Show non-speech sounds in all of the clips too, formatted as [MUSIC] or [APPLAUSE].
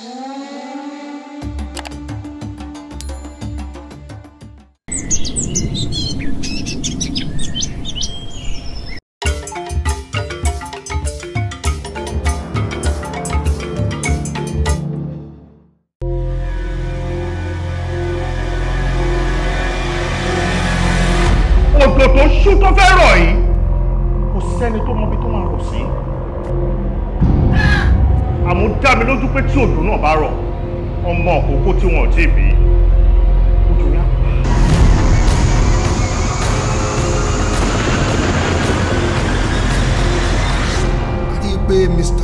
ògò tó ṣú tó fẹ́ rọ̀ yìí kò sẹ́ni tó mọ ibi tó máa rọ̀ sí. àmọ́ dá mi lójú pé tí òjò náà bá rọ̀ ọmọ òkókó tí wọn ò tí ì bí ojú yá. pé mr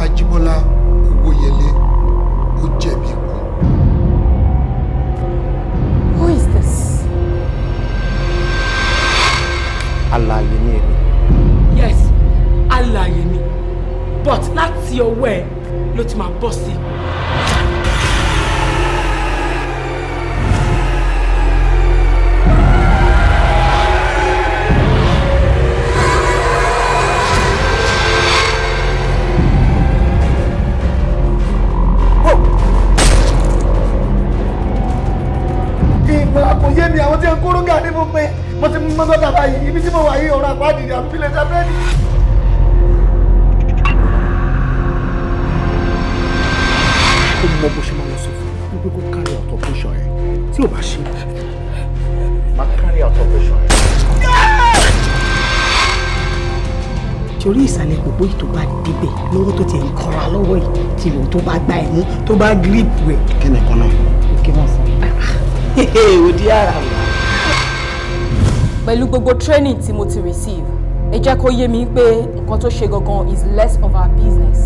pé tó bá débẹ̀ lọ́wọ́ tó ti ń kọ́ra lọ́wọ́ yìí ti wò tó bá gba ẹ̀mú tó bá gírípù ẹ̀. kí ni kan náà. òkè wọn sọ. òdi ara mi. pẹ̀lú gbogbo training tí mo ti receive ẹ jẹ́ kó yé mi pé nǹkan tó ṣe gangan is less of our business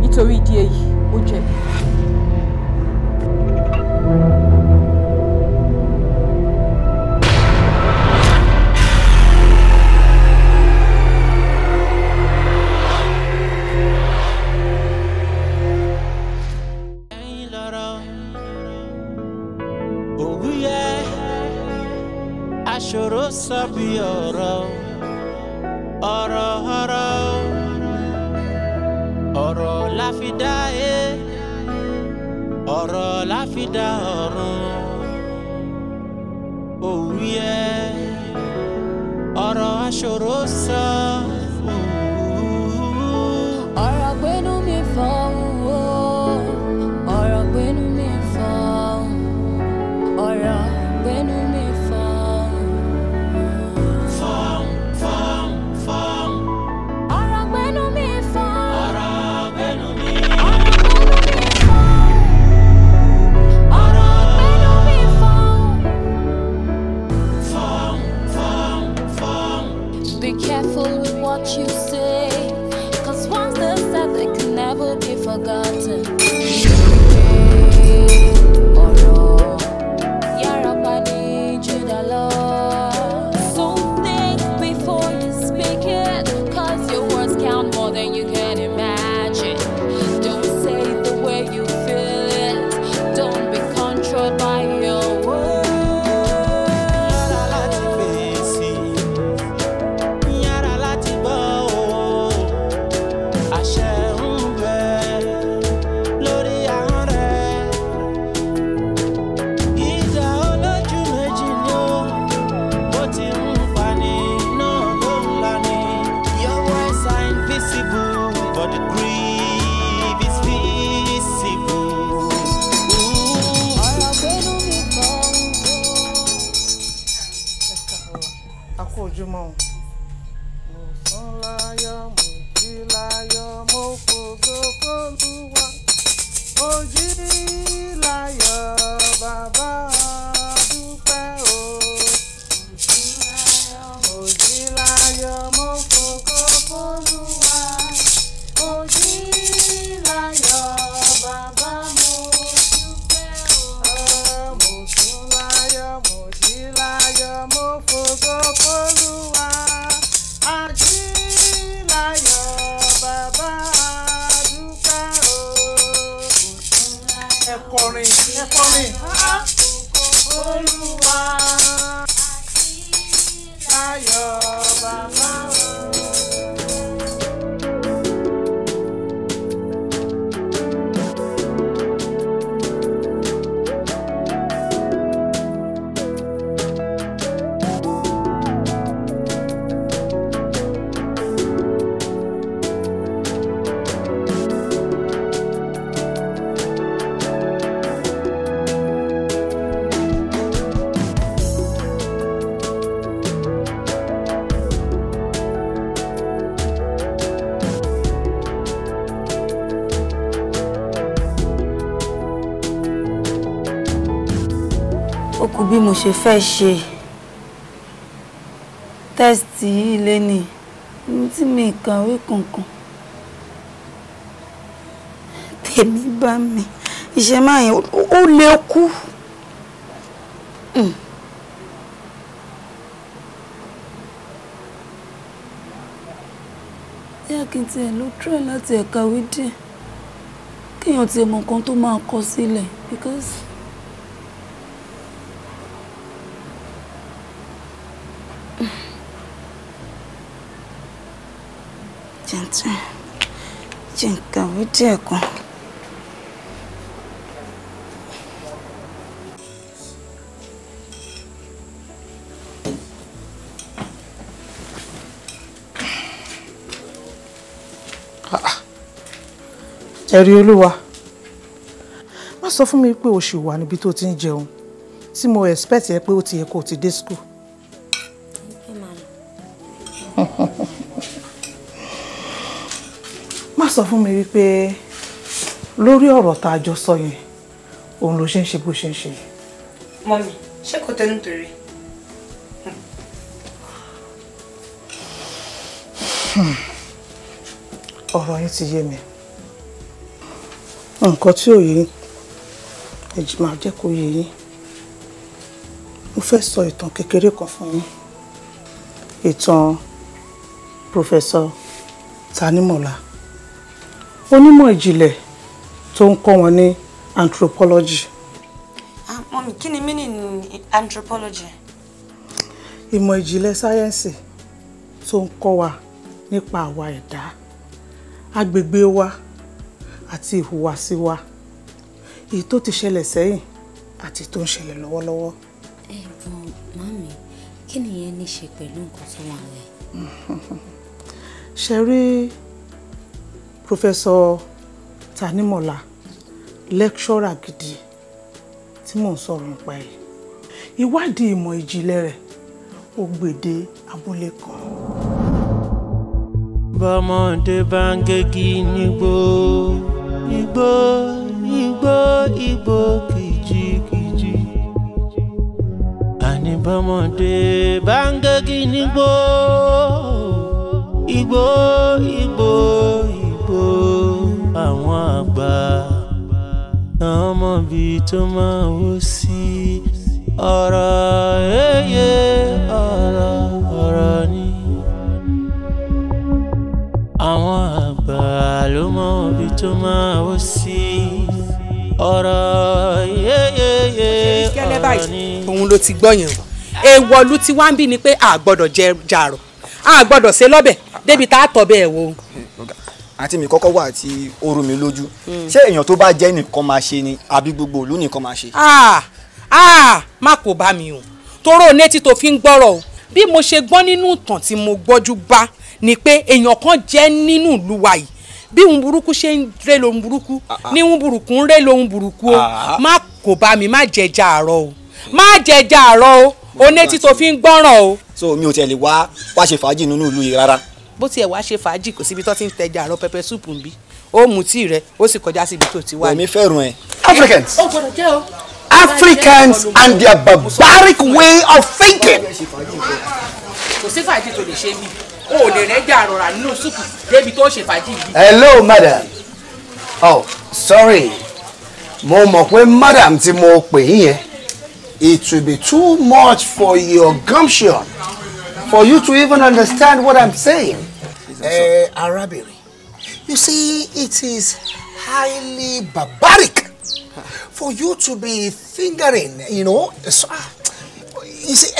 nítorí ìdí èyí ó jẹ̀bi. chorosa. ṣe fẹ́ ṣe tẹ́sítì yìí lé ní tí mi kàn wí kankan tèmi bá mi ìṣe máa yẹn ó lè kú. Mm. bóyá kí n tiẹ̀ ló try láti ẹ̀ka wí díẹ̀ kéèyàn tiẹ̀ mọ nǹkan tó máa kọ sílẹ̀ because jẹ́ nǹkan wí díẹ̀ kan. ẹ̀rí olúwa má sọ fún mi pé o ṣì wà níbi tó ti ń jẹun tí mo expect ẹ pé ó ti yẹ kó o ti dé school. sọ fún mi wípé lórí ọ̀rọ̀ tá a jọ sọ yẹn òun ló ṣe ń ṣe bó ṣe ń ṣe. mọ́mí ṣé kò tẹ́ nítorí. ọ̀rọ̀ yín ti yé mi nǹkan tí ò yé ẹ̀jì máa jẹ́ kó yé yín mo fẹ́ sọ ìtàn kékeré kan fún yín ìtàn Professor Tanimola onímọ̀ ìjìnlẹ̀ tó ń kọ́ wọn ní anthropology. Ah, mọ́mí kí ni mínì ní anthropology? ìmọ̀ ìjìnlẹ̀ sáyẹ́ǹsì tó ń kọ́ wa nípa àwa ẹ̀dá agbègbè wa àti ìhùwàsí wa èyí tó ti ṣẹlẹ̀ sẹ́yìn àti tó ń ṣẹlẹ̀ lọ́wọ́lọ́wọ́. ẹ̀gbọ́n mami kí nìyẹn ní ṣe pẹ̀lú nǹkan tó wà lẹ̀. [LAUGHS] ṣe rí Professor Tanimola lecturer gidi tí mò ń sọ̀rọ̀ nípa ẹ̀ ìwádìí ìmọ̀ ìjìnlẹ̀ rẹ̀ ó gbèdé abúlé kan. bọ́mọdé bá nígbó nígbó nígbó igbó kìjikìji àní bọ́mọdé bá nígbó igbó igbó igbó po àwọn àgbà àwọn ọmọ ibi tó máa wó sí ọ̀rọ̀ ẹ̀yẹ ọ̀rọ̀ ọ̀rọ̀ ni. àwọn àgbà ló mọ ibi tó máa wó sí ọ̀rọ̀ ẹ̀yẹ ọ̀rọ̀ ni. òun ló ti gbọ́ yẹn o èèwọ̀ ń bí ni pé a jẹ jàrọ̀ a ṣe lọ́bẹ̀ débi tá a tọ̀ bẹ́ẹ̀ wo àti mi kọ́kọ́ wà tí oru rú mi lójú hmm. ṣé èèyàn tó bá jẹ́ nìkan máa ṣe ni àbí gbogbo ìlú nìkan máa ṣe. Ah, ah, má kò bá mi o toró netí tó fi ń gbọ́rọ̀ o bí mo ṣe gbọ́ nínú ìtàn tí mo gbọ́jú bá ni pé èèyàn kan jẹ́ nínú ìlú wa yìí bí ohun burúkú ṣe ń ré lohun burúkú ah, ní ohun burúkú ń ré lohun burúkú o má kò bá mi má jẹjà àárọ̀ o má jẹjà àárọ̀ o hmm. onetí tó fi ń gbọ́ràn o. so mi ò tẹ̀lé wá wá ṣe fàájì nínú ìlú yìí rárá bó tiẹ̀ wá ṣe fàájì kò síbi tó ti ń tẹja àrọ pẹpẹ súpù ń bí ó mu tí rẹ ó sì kọjá síbi tó ti wá. èmi fẹ́ràn ẹ. Africans Africans and their barbaric way of thinking. kò sí fàájì tó lè ṣe mí o ò lè rẹ́jà àrọ̀rà nínú súpù débi tó ṣe fàájì yìí. hello madam oh sorry mo mọ̀ pé madam tí mo pè yín yẹn it will be too much for your gumption for you to even understand what I'm saying. Uh, eh, Arabiri, you see, it is highly barbaric for you to be fingering, you know, so, ah, you see,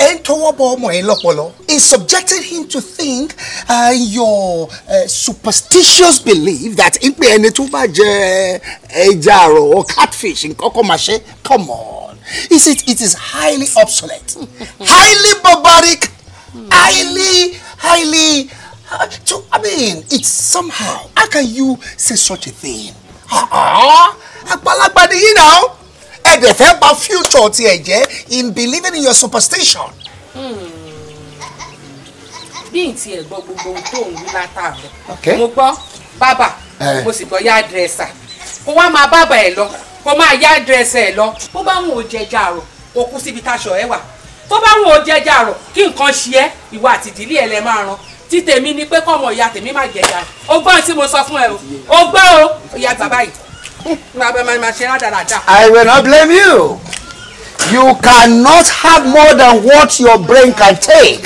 is subjecting him to think uh, your uh, superstitious belief that ipe ẹni tó bá jẹ ẹja or catfish in kan máa come on is it it is highly obsolete highly barbaric highly, highly. Uh, to, I mean, it's somehow. How can you say such a thing? Uh-uh. Àgbàlagbà ni yín náà. Ẹ dẹ̀ fẹ́ bà future ti ẹ̀ jẹ́ in believing in your superstition. Hmm. Bí n tiẹ̀ gbọ́ gbogbo ohun tó ń wí látàárọ̀, mo gbọ́ bàbà, eh. mo sì gbọ́ yá dírẹ́sà. Kó wá máa bàbà ẹ̀ lọ, kó máa yá dírẹ́sà ẹ̀ lọ. Bó bá wọn ò jẹjà àrò, kó kú síbi táṣọ ẹ̀ wà tó bá wọn ò jẹjà rọ kí nǹkan ṣe ẹ ìwà àti ìdílé ẹ lẹ máa ran tí tèmi ni pé kọ́mọ ìyá tèmi má jẹjà o gbọ́n tí mo sọ fún ẹ o o gbọ́ o ìyá bàbá yìí máa hmm, bẹ máa ṣe rádaràda. I will not blame you. You cannot have more than what your brain can take.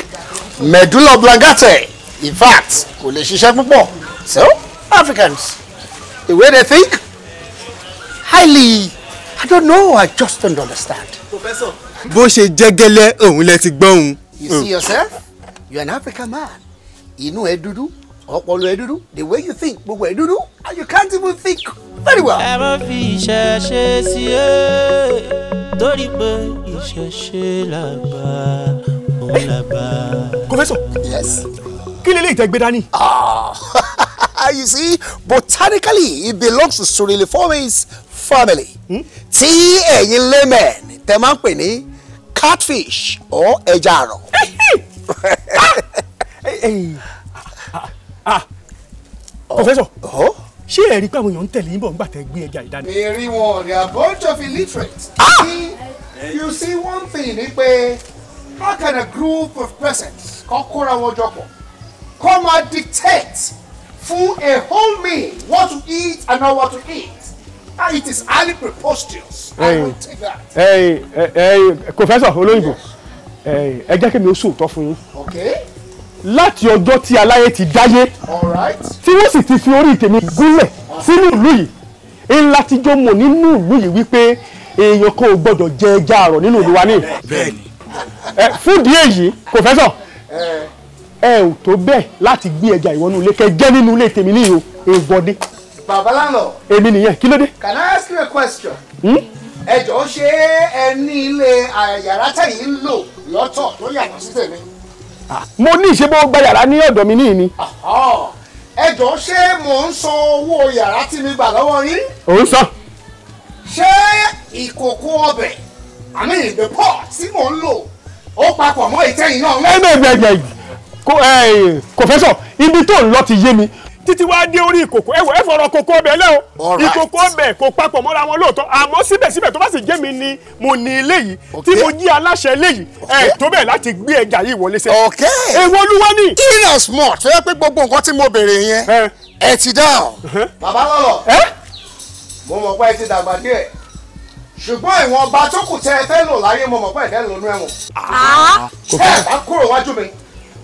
Medulla oblongata in fact kò lè ṣiṣẹ́ púpọ̀ so Africans the way they think highly I don't know I just don't understand. Professor bó ṣe jẹ́ òun lẹ ti gbọ́ òun. you see hmm. yourself you are an African man inú ẹ dúdú ọpọlọ ẹ dúdú the way you think gbogbo ẹ dúdú and you can't even think very well. ẹ má fi ìṣẹ̀ṣe sí ẹ torí pé ìṣẹ̀ṣe làgbà òun làgbà. Professor yes kí lè tẹ́ gbé dání. Ah, [LAUGHS] you see botanically it belongs to Suriliformes family hmm? tí ẹ̀yin laymen tẹ́ máa ń pè ní catfish or ẹja àrọ̀. Ah, ah, Professor oh, oh. ṣé ẹ̀rí pé àwọn èèyàn ń tẹ̀lé yín bọ̀ nígbà tẹ́ gbé ẹja ìdáná. èrè wọn they are bunch of illiterate. Ah! you see one thing ni pé how can a group of persons kọ́ kóra wọn jọpọ̀ kọ́ máa dictate fún a whole meal what to eat and not what to eat ah it is highly preposterous hey, I will take that. Hey, eh, hey, professor olóyìnbó eh, ẹ jẹ́ kí mi ó sòótọ́ fún yín. okay láti ọjọ́ tí aláyé ti dáyé tí wọ́n sì ti fi orí tèmi gúnlẹ̀ sínú ìlú yìí ńlá tí jọ mọ̀ nínú ìlú yìí wípé èèyàn kan ò gbọ́dọ̀ jẹ ẹja àrọ̀ nínú ìlú wa ní. Eh, fúdìí èyí pòfẹ́sọ̀ ẹ ò tó bẹ́ẹ̀ láti gbé ẹja ìwọ́nú ilé kẹ́ jẹ́ nínú ilé tèmi níyì o èèwọ̀ ni bàbá èmi nìyẹn kí ló dé. can I ask you a question. Hmm? ẹ jọ̀ọ́ ṣé ẹ ní ilé yàrá tẹ̀yìn ń lò lọ́tọ̀ tó yàtọ̀ sí tèmi. mo ní ìṣe bó gba yàrá ní ọ̀dọ̀ mi níyì ni. ẹ jọ̀ọ́ ṣé mò ń san owó yàrá tí mi gbà lọ́wọ́ yín. ò ń san. ṣé ìkòkò ọbẹ̀ àmì the pot tí mò ń lò ó papọ̀ mọ́ ìtẹ́yìn náà. ẹ ẹ ẹ kò fẹ́ sọ ibi tó ń lọ ti yé mi títí wá dé orí ìkòkò ẹ̀wọ̀ ẹ fọ̀rọ̀ kòkó ọbẹ̀ lẹ́ o ìkòkò ọbẹ̀ kò papọ̀ mọ́ra wọn lóòótọ́ àmọ́ síbẹ̀síbẹ̀ tó bá sì jẹ́ mi ni mo ní ilé yìí tí mo jí aláṣẹ ilé yìí ẹ̀ tó bẹ̀ láti gbé ẹja yìí wọlé sẹ́. ok èwo olúwa ni. in as much tó yẹ pé gbogbo nǹkan tí mo béèrè yẹn ẹ ti dáhùn. bàbá lọ́lọ́ mo mọ̀ pé ẹ ti dàgbà díẹ̀ ṣùgbọ́n ìwọ̀nba tó kù tẹ́ ẹ fẹ́ lò láyé mo mọ̀ pé ẹ fẹ́ lò nú ẹ̀wọ̀n. Ah. ẹ bá kúrò wájú mi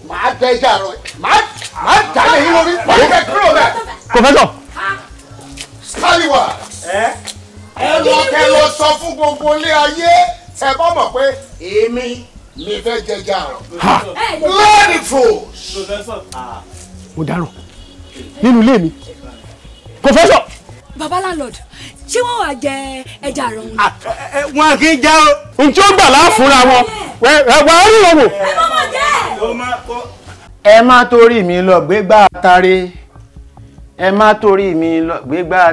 màá bẹ ẹja rọ màá màá jà lé yín lórí wà á kẹ kúrò bẹ. pòfẹ́sọ̀. sálíwà ẹ lọ kẹ lọ sọ fún gbogbo ilé ayé ẹ bọ́ mọ̀ pé èmi mi fẹ́ jẹjà rọ. lẹ́ẹ̀dì fò. mo dárò nínú ilé mi pòfẹ́sọ̀. baba landlord ṣé wọ́n wàá jẹ ẹja àrọ̀ wọn. Ah, eh, eh, wọn kì í jẹ o. n gbà wọn wàá rí wọn wò. ẹ má ẹ má torí mi lọ gbégbá ẹ má torí mi lọ gbégbá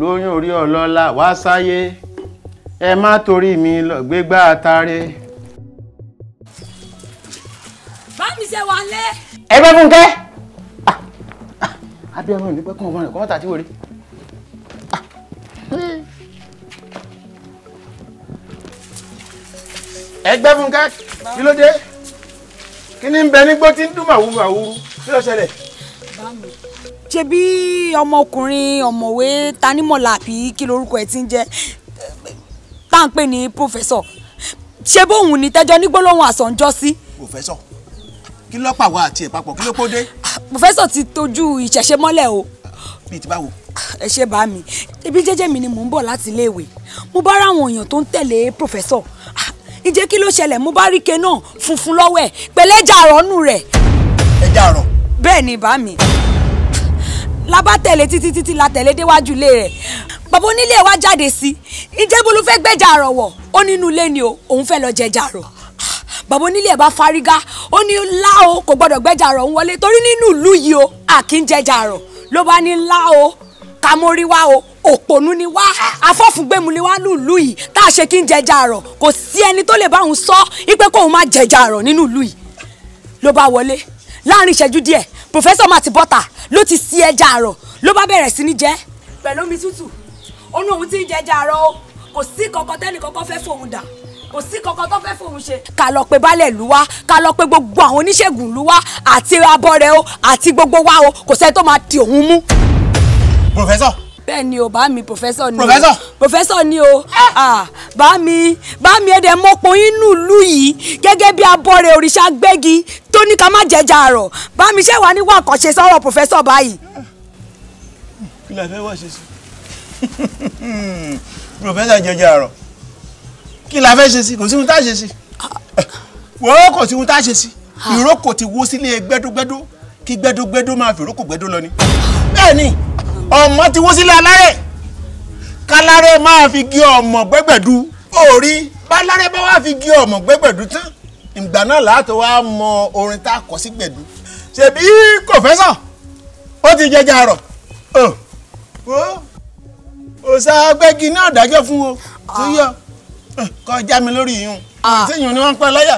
lóyún orí ọlọ́lá wá sáyé ẹ má torí mi lọ gbégbá ṣe wà ẹ fún abiyamọ ò ní pẹ́ kún ọmọ rẹ̀ kọ́ mọ́ta tí wò rí. Ah. ẹgbẹ́ fúnkẹ́ kí ló dé kí ni ń bẹ nígbó tí ń dún màwúrú màwúrú kí ló ṣẹlẹ̀. ṣebí ọmọkùnrin ọ̀mọ̀wé tanímọ̀lá àbí kí lorúkọ ẹ̀ ti ń jẹ́ tá à ń pè ní pòfẹ́sọ̀ ṣé bóun ní tẹ́jọ́ nígbó lóhun àsọ̀njọ́ sí. pòfẹ́sọ̀ kí ló pàwọ́ àti ẹ̀ papọ̀ kí ló kó dé. pòfẹ́sọ̀ ti tọ́jú ìṣẹ̀ṣe mọ́lẹ̀ o. bíi ti báwo. ẹ ṣe bá mi ibi jẹ́jẹ́ mi ni mò ń bọ̀ láti iléèwé mo bá ráwọn èèyàn tó ń tẹ̀lé pòfẹ́sọ̀ ah, ìjẹ́ kí ló ṣẹlẹ̀ mo bá rí ike náà funfun lọ́wọ́ ẹ̀ pẹ̀lẹ́ ẹja àrọ̀ nù rẹ̀. ẹja àrọ̀. bẹ́ẹ̀ ni bá mi la bá tẹ̀lé títí títí la tẹ̀lé déwájú ilé rẹ̀ bàbá onílé wa jáde sí ìjẹ́bólú fẹ́ gbẹ́jà àrọ̀ wọ̀ ó nínú ilé ni o òun fẹ́ lọ jẹjà àrọ̀ bàbá onílé ẹ̀ bá fárígá ó ní láò kò gbọ́dọ̀ gbẹ́jà àrọ̀ ń wọlé torí nínú ìlú yìí o àkínjẹjà àrọ̀ ló bá ní láò kamori wá o òpònú ni wá afọ́fúngbẹ́mu ni wá lùlù yìí tá a ṣe kí n jẹjà àrọ̀ kò sí ẹni tó lè bá òun sọ ipe kóun má jẹjà àrọ̀ nínú ìlú yìí ló bá wọlé láàrin ìṣẹ́jú díẹ̀ pòfẹ́sọ̀ màtí bọ́tà ló ti sí ẹja àrọ̀ ló bá bẹ̀rẹ̀ sí ní jẹ pẹ̀lú omi tútù ó ní òun ti ń jẹja àrọ̀ o kò sí kọ̀kọ́ tẹ́nì fẹ́ fóun dà kò sí kankan tó fẹ́ fóun ṣe. ká lọ pe baálẹ̀ ìlú wa ká lọ pe gbogbo àwọn oníṣègùn ìlú wa àti abọ́rẹ̀ o àti gbogbo wa o kò sẹ́ni tó máa ti òun mú. pòfẹ́sọ̀. bẹ́ẹ̀ ni o bá mi pòfẹ́sọ̀ ni o pòfẹ́sọ̀ pòfẹ́sọ̀ ni o eh. bá mi bá mi ẹ̀dẹ̀ mọ́pọ̀ inú ìlú yìí gẹ́gẹ́ bí abọ́rẹ̀ òrìṣà gbẹ́gi tó ní ká má jẹjà àrọ̀ bá mi ṣe wà ní wà kàn ṣe sọ́rọ̀ pòfẹ́sọ̀ báyìí. kí la fẹ́ wá ṣe sí [LAUGHS] pòfẹ́sọ̀ jẹjà àrọ̀ kí la fẹ́ ṣe sí kò sí ohun tá a ṣe sí wọ́n kò sí ohun tá a ṣe sí ìrókò ti wó sílé gbẹ́dógbẹ́dó kí gbẹ́dógbẹ́dó máa fi ìrókò gbẹ́dó lọ ni bẹ́ẹ̀ ni ọmọ ti wó sílé alárẹ̀ kálárẹ̀ máa fi gé ọmọ gbẹ́gbẹ̀dú orí bálárẹ̀ bá wá fi gé ọmọ gbẹ́gbẹ̀dú tán ìgbà náà láti wá mọ orin tá a kọ sí gbẹ̀dú ṣebí kò fẹ́ sàn ó ti jẹjà rọ̀ ọ̀ ọ̀ ọ̀sà náà dájọ́ fún o tó yọ kọjá mi lórí yìí sẹ́yìn ò ní wọ́n pẹ́ láyà.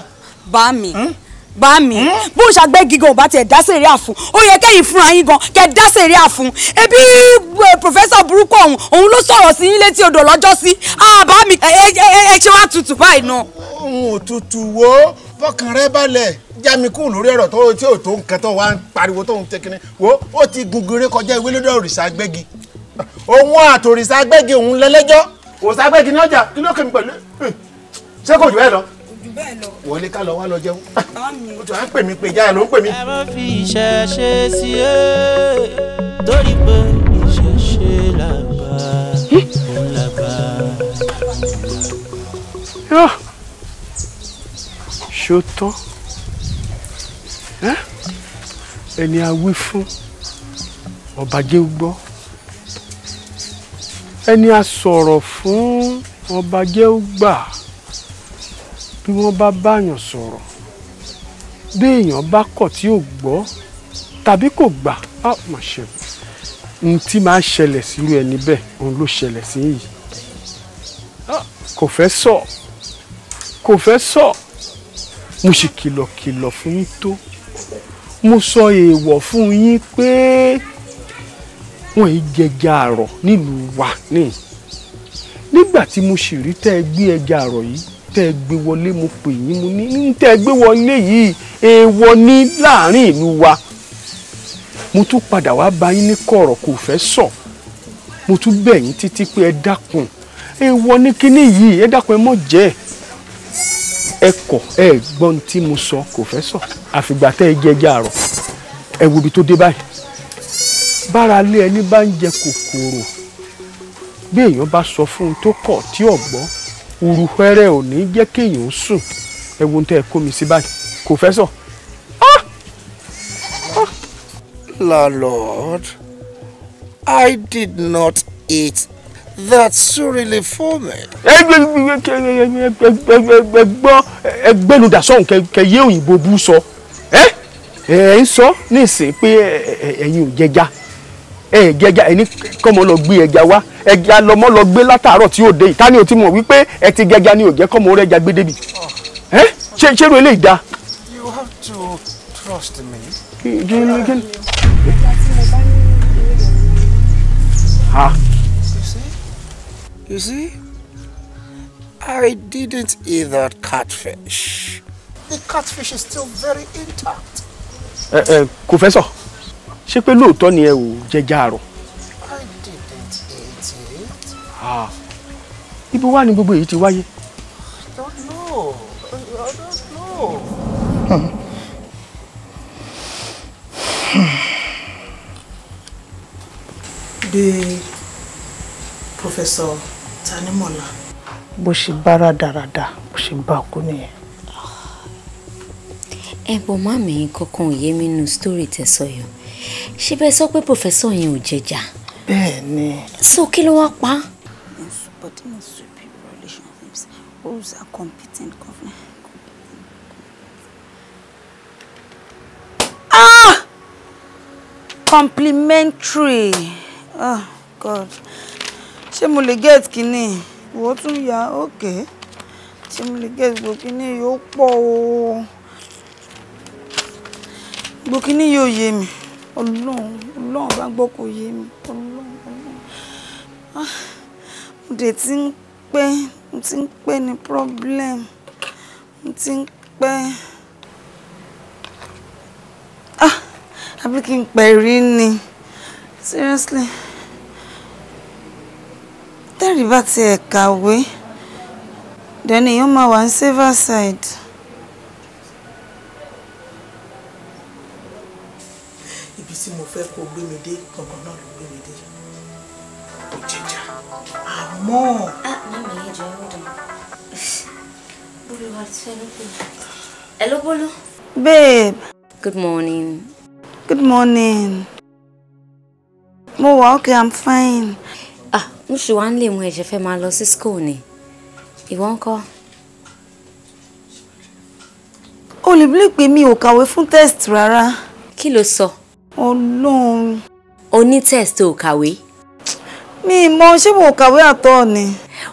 bá mi hmm? bá mi hmm? bó ń ṣàgbẹ́ gígan ò bá tiẹ̀ dá sèré àfún ó yẹ kẹ́yìn fúnra yín gan kẹ́ dá sèré àfún ebi eh, pòfẹ́sọ̀ burúkú ọ̀hún òun ló sọ̀rọ̀ sí yín létí odò lọ́jọ́ sí bá mi ẹ ṣe wá tutù báyìí náà. ohun òtútù wo fọkàn rẹ balẹ̀ já mi kú lórí ọ̀rọ̀ tó tí ò tó nǹkan tó wá ń pariwo tó ń tẹkínní wo ó ti gungun ré kọjá ìwé lódò òrìṣà gbẹ́gi òun àtòrìṣà gbẹ́gi òun lẹ́lẹ́jọ́ kò ságbẹ́gi ní ọjà kí ló kẹ́mi pẹ̀lú hmm. ṣé kò jù bẹ́ẹ̀ lọ. jù bẹ́ẹ̀ lọ. wọlé ká lọ wá lọ jẹun. o tí wàá pè mí pé ìjà ló ń pè mí. ẹ má fi ìṣẹ́ ṣe sí ẹ e, torí pé ìṣẹ́ ṣe làgbà òun làgbà. ṣó tán ẹni a wí fún ọbàjẹ́ gbọ́ ẹni a sọ̀rọ̀ fún ọba jẹ́ ó gbà bí wọ́n bá báyàn sọ̀rọ̀ bí èèyàn bá kọ̀ tí ò gbọ́ tàbí kò gbà á mà ṣe n tí máa ṣẹlẹ̀ sírú ẹni bẹ́ẹ̀ òun ló ṣẹlẹ̀ sí yìí kò fẹ́ sọ kò fẹ́ sọ mo sì kìlọ̀kìlọ̀ fún yín tó mo sọ èèwọ̀ fún yín pé. Pe wọn yìí jẹja àrọ̀ nílùú wa ní nígbà tí mo sì rí tẹ́ ẹ gbé ẹja àrọ̀ yìí tẹ́ ẹ gbé wọlé mo pè yín mo ní ní tẹ́ ẹ gbé wọlé yìí èèwọ̀ ní láàrin ìlú wa mo tún padà wá bá yín ní kọ̀rọ̀ kò fẹ́ sọ mo tún bẹ̀ yín títí pé ẹ dákun èèwọ̀ ní kinní yìí ẹ dákun ẹ mọ̀ jẹ́ ẹ kọ̀ ẹ gbọ́n tí mo sọ kò fẹ́ sọ àfìgbà tẹ́ ẹ jẹ́ ẹja ẹ wo ibi tó dé báyìí bára lé ẹni bá ń jẹ kòkòrò bí èèyàn bá sọ fún un tó kọ̀ tí ò gbọ́ uruhẹ́rẹ́ ò ní jẹ́ kéèyàn sùn ẹ wo tẹ́ ẹ kó mi sí báyìí kò fẹ́ sọ. Landlord, I did not eat that surely for me. ẹgbẹ́ kẹyẹ òyìnbó bú sọ ẹ ń sọ ní ìsìn pé ẹ̀yin ò jẹja ẹ ẹja ẹni kọmọ lọ gbé ẹja wá ẹja lọmọ lọ gbé látàárọ̀ tí ó dé ìta ni o mọ̀ wípé ẹ ti gẹja ni ò jẹ́ kọmọ rẹ ẹja gbé débi ẹ ṣe ṣerú eléyìí da. you have to trust me. kí kí ni kí ni. ha. you see you see I didn't eat that catfish the catfish is still very intact. ẹ ẹ kò fẹ́ sọ. So ṣé pé lóòótọ́ ni ẹ ò jẹjá àrọ̀. Ah. ibi wá ni gbogbo èyí ti wáyé. bí pọfẹsọ Tanímọ̀lá. bó ṣe bára dáradá bó ṣe bá kú nìyẹn. ẹ bọ má mi kankan ò yé mi nínú sítórì tẹsán yìí ṣé bẹ́ẹ̀ sọ pé pòfẹ́sọ̀ yẹn ò jẹjà. bẹ́ẹ̀ so kí ló wá pa. supporting superior relationships rules are competent government. ah complimentary oh god ṣé mo lè get kinní ìwọ tún yà ókè ṣé mo lè get gbogbo kinní yóò pọ̀ o gbogbo yóò yé mi ọlọ́run ọlọ́run bá gbọ́ kò yé mi ọlọ́run ọlọ́run ah, mo dé ti ń pẹ́ mo ti ń pẹ́ ní problem mo ti ń pẹ́ ah àbí kí n pẹ̀ rí ni seriously tẹ́rì bá tiẹ̀ kàwé dẹ́ni èèyàn máa wà ní silver side. dé gangan náà ló gbé mi dé tó jẹjà àmọ́. mama yẹn jọ ẹrú dán bólú wa ti fẹ́ lóko ẹ ló bólú. babe. good morning. good morning. mo wà ok i'm fine. ah mo ṣì wá ń lè mú ẹ̀jẹ̀ fẹ́ máa lọ sí school ni ìwọ ń kọ́. o lè bí lè pè mí ò kàwé fún test rárá. kí ló sọ. ọlọ́run onítẹ̀sí ò kàwé. mi mọ ṣé mo kàwé àtọ ni.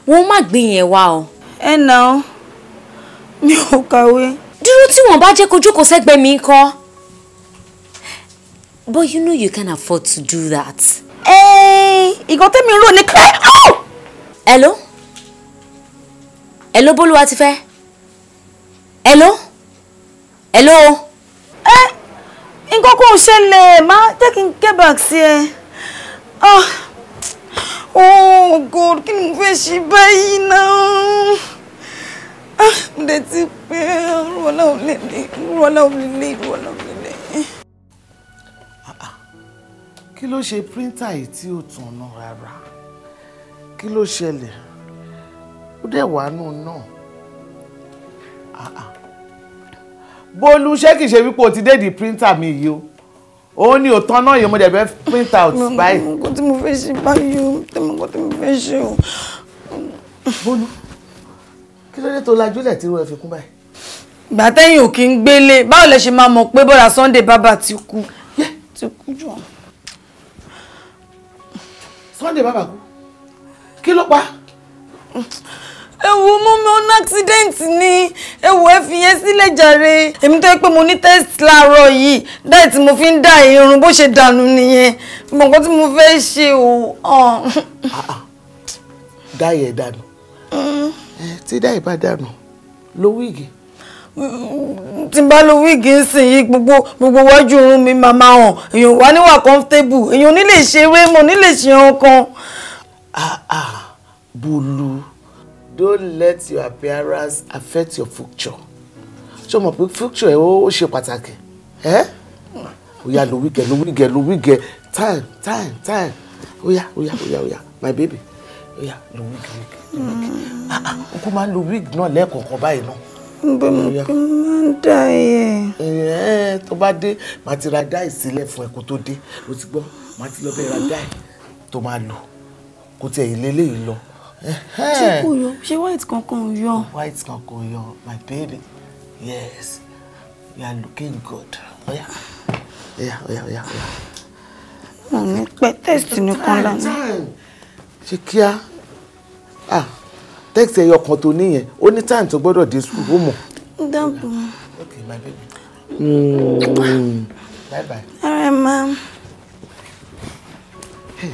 wọn má gbé yẹn wá o. ẹ nà ó mi ò kàwé. dúró tí wọn bá jẹ́ kojú kò sẹ́gbẹ́ mi kọ́. but you know you can afford to do that. ẹ ìgò mi rò ní pé. hello hello bólúwa ti fẹ́ hello hello. ẹ. Eh? nǹkan kò ṣẹlẹ̀ má jẹ́ kí n get back sí ẹ. Ah. oh god kí ni mo fẹ́ ṣe báyìí náà ah, mo dẹ̀ ti pẹ́ rọ́lá òlélé rọ́lá òlélé rọ́lá òlélé. kí ló ṣe píríńtà yìí tí ò tún ná rárá kí ló ṣẹlẹ̀ ó dẹ̀ wà nù náà. Ah, bólú ṣé kìí ṣe wípé o ti dé di printer mi yìí o òun ni òtán náà yìí mo dẹ̀ fẹ́ print out báyìí. mo kò tí mo fẹ́ ṣe báyìí o tẹ̀mọ̀ kò tí mo fẹ́ ṣe o. bólú kí ló dé tó lajúlẹ̀ tí rẹ̀ fi kún báyìí. ìgbà tẹ́yìn ò kí ń gbélé báwo lẹ ṣe máa mọ̀ pé bọ́dà Sunday bàbá ti kú ti kú jù wọn. Sunday bàbá kú kí ló pa ewu mú mi ọ́n accident ni ewu ẹ yẹn sílẹ̀ jàre èmi tó yẹ pé mo ní test láàárọ̀ yìí dáì tí mo fi ń dà irun bó ṣe dànù nìyẹn gbọ̀n nǹkan tí mo fẹ́ ṣe o. Ah, ah. dáì ẹ̀ dànù mm-hmm. eh, tí dáì bá dànù lo wíìgì. Mm-hmm. tí n bá lo wíìgì nsìn yìí gbogbo gbogbo wájú irun mi màmá hàn èèyàn wà níwà comfortable èèyàn ò ní lè ṣeré mo ní lè ṣe ọkàn. Ah, Bólú don't let your appearance affect your future ṣé o mọ̀ pé future ẹ̀ ó ṣe pàtàkì ẹ́ oya lo wígẹ̀ lo wígẹ̀ lo wígẹ̀ time time time oya oya oya oya my baby oya lo wígẹ̀ lo ah ah o kò máa lo wígẹ̀ náà lẹ́ẹ̀kọ̀ọ̀kan báyìí náà bó mo kí n máa ń dá yẹ. ẹ tó bá dé màá ti ra dáì sílẹ̀ fún ẹ kó tó dé o ti gbọ́ màá ti lọ bẹ́ẹ̀ ra dáì tó máa lò kó tiẹ̀ yìí lélẹ́yìí lọ She kò yọ ṣé white kankan yo. white kankan yo, my baby yes you are looking good Oh yeah, oya yeah, oya yeah. mo ní pẹ́ test nìkan lánàá. ṣe kíá ah text ẹyọ kan tó níyẹn ó ní time to gbọ́dọ̀ dé school ó mọ̀. dábò. okay my baby. Mm. bye bye. all right ma'am. Hey,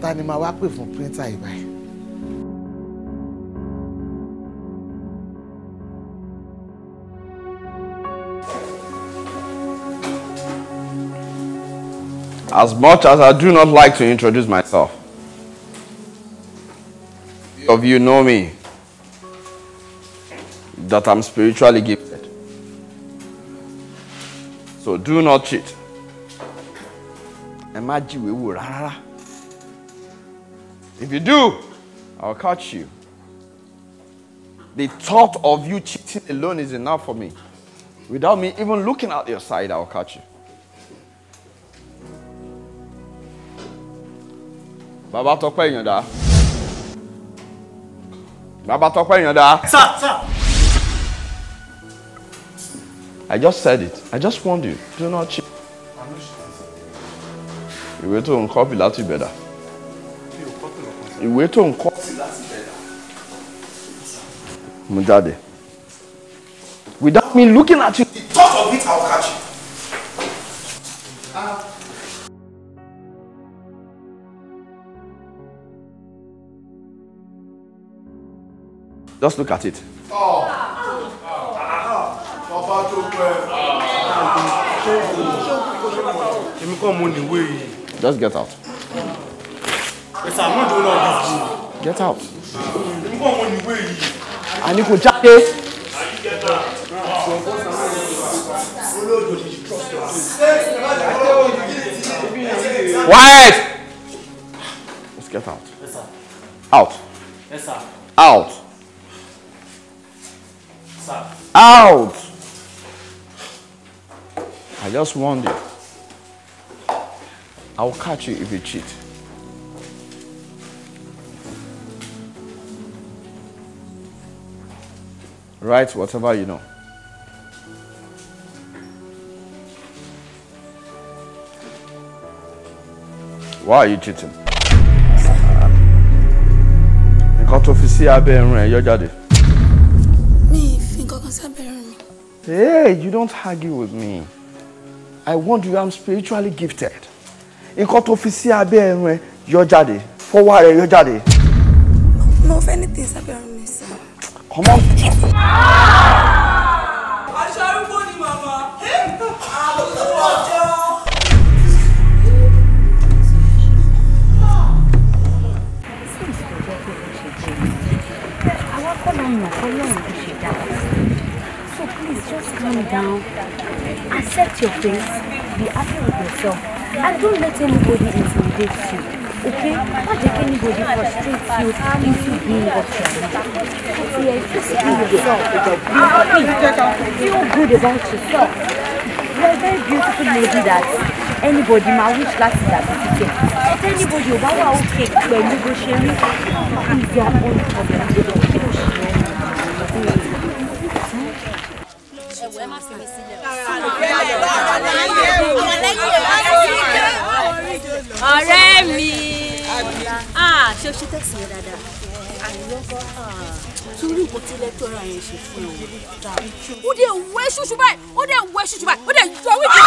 Tani, màá wá pè fún printer yìí báyìí. as much as I do not like to introduce myself, few of you know me that I'm spiritually gifted. So do not cheat. Imagine we will If you do, I'll catch you. The thought of you cheating alone is enough for me. Without me even looking at your side, I'll catch you. bàbá tọpẹ́ èèyàn dá bàbá tọpẹ́ èèyàn dá. sir sir. I just said it I just warned you do not cheat. ìwé tó ń kọ́pì láti ìbẹ̀dà ìwé tó ń kọ́pì láti ìbẹ̀dà mo jáde without me looking at you. the thought of it I will catch you. Just look at it. Just get out. Get out. And you could jack this. Why? Let's get out. Out. Out. out. I just warned you. I'll catch you if you cheat. Write whatever you know. Why are you cheating? Nǹkan tó fi sí abẹ́ irun ẹ̀ yọ jáde. Hey, you don't argue with me. I want you, I'm spiritually gifted. Nǹkan tó fi sí abẹ́ ẹ̀rùn ẹ yọ jáde. No, no, if anything is sir. Come on. Ah! accept your face, be happy with yourself, and don't let anybody intimidate you. Okay? Not let anybody frustrate you into being what you are. Yeah, just be yourself. Feel good about yourself. You're a very beautiful lady that anybody máa wish láti dàbí títẹ̀ ọ̀tẹ́ anybody ò bá wà òkè pẹ̀lú bó ṣe rí ìdí àwọn ọ̀dọ́ kí ló ṣe ọ́ ẹ̀wẹ̀ má fi ọ̀rẹ́ mi ah, ṣe o ṣe tẹ̀sán yẹn dáadáa àyọkọ torí nǹkan tí lẹ́tọ́ra yẹn ṣe fún ọ. ó dẹ̀ wẹ́ ṣùṣù báyìí ó dẹ̀ wẹ́ ṣùṣù báyìí ó dẹ̀ yọ wíjọ.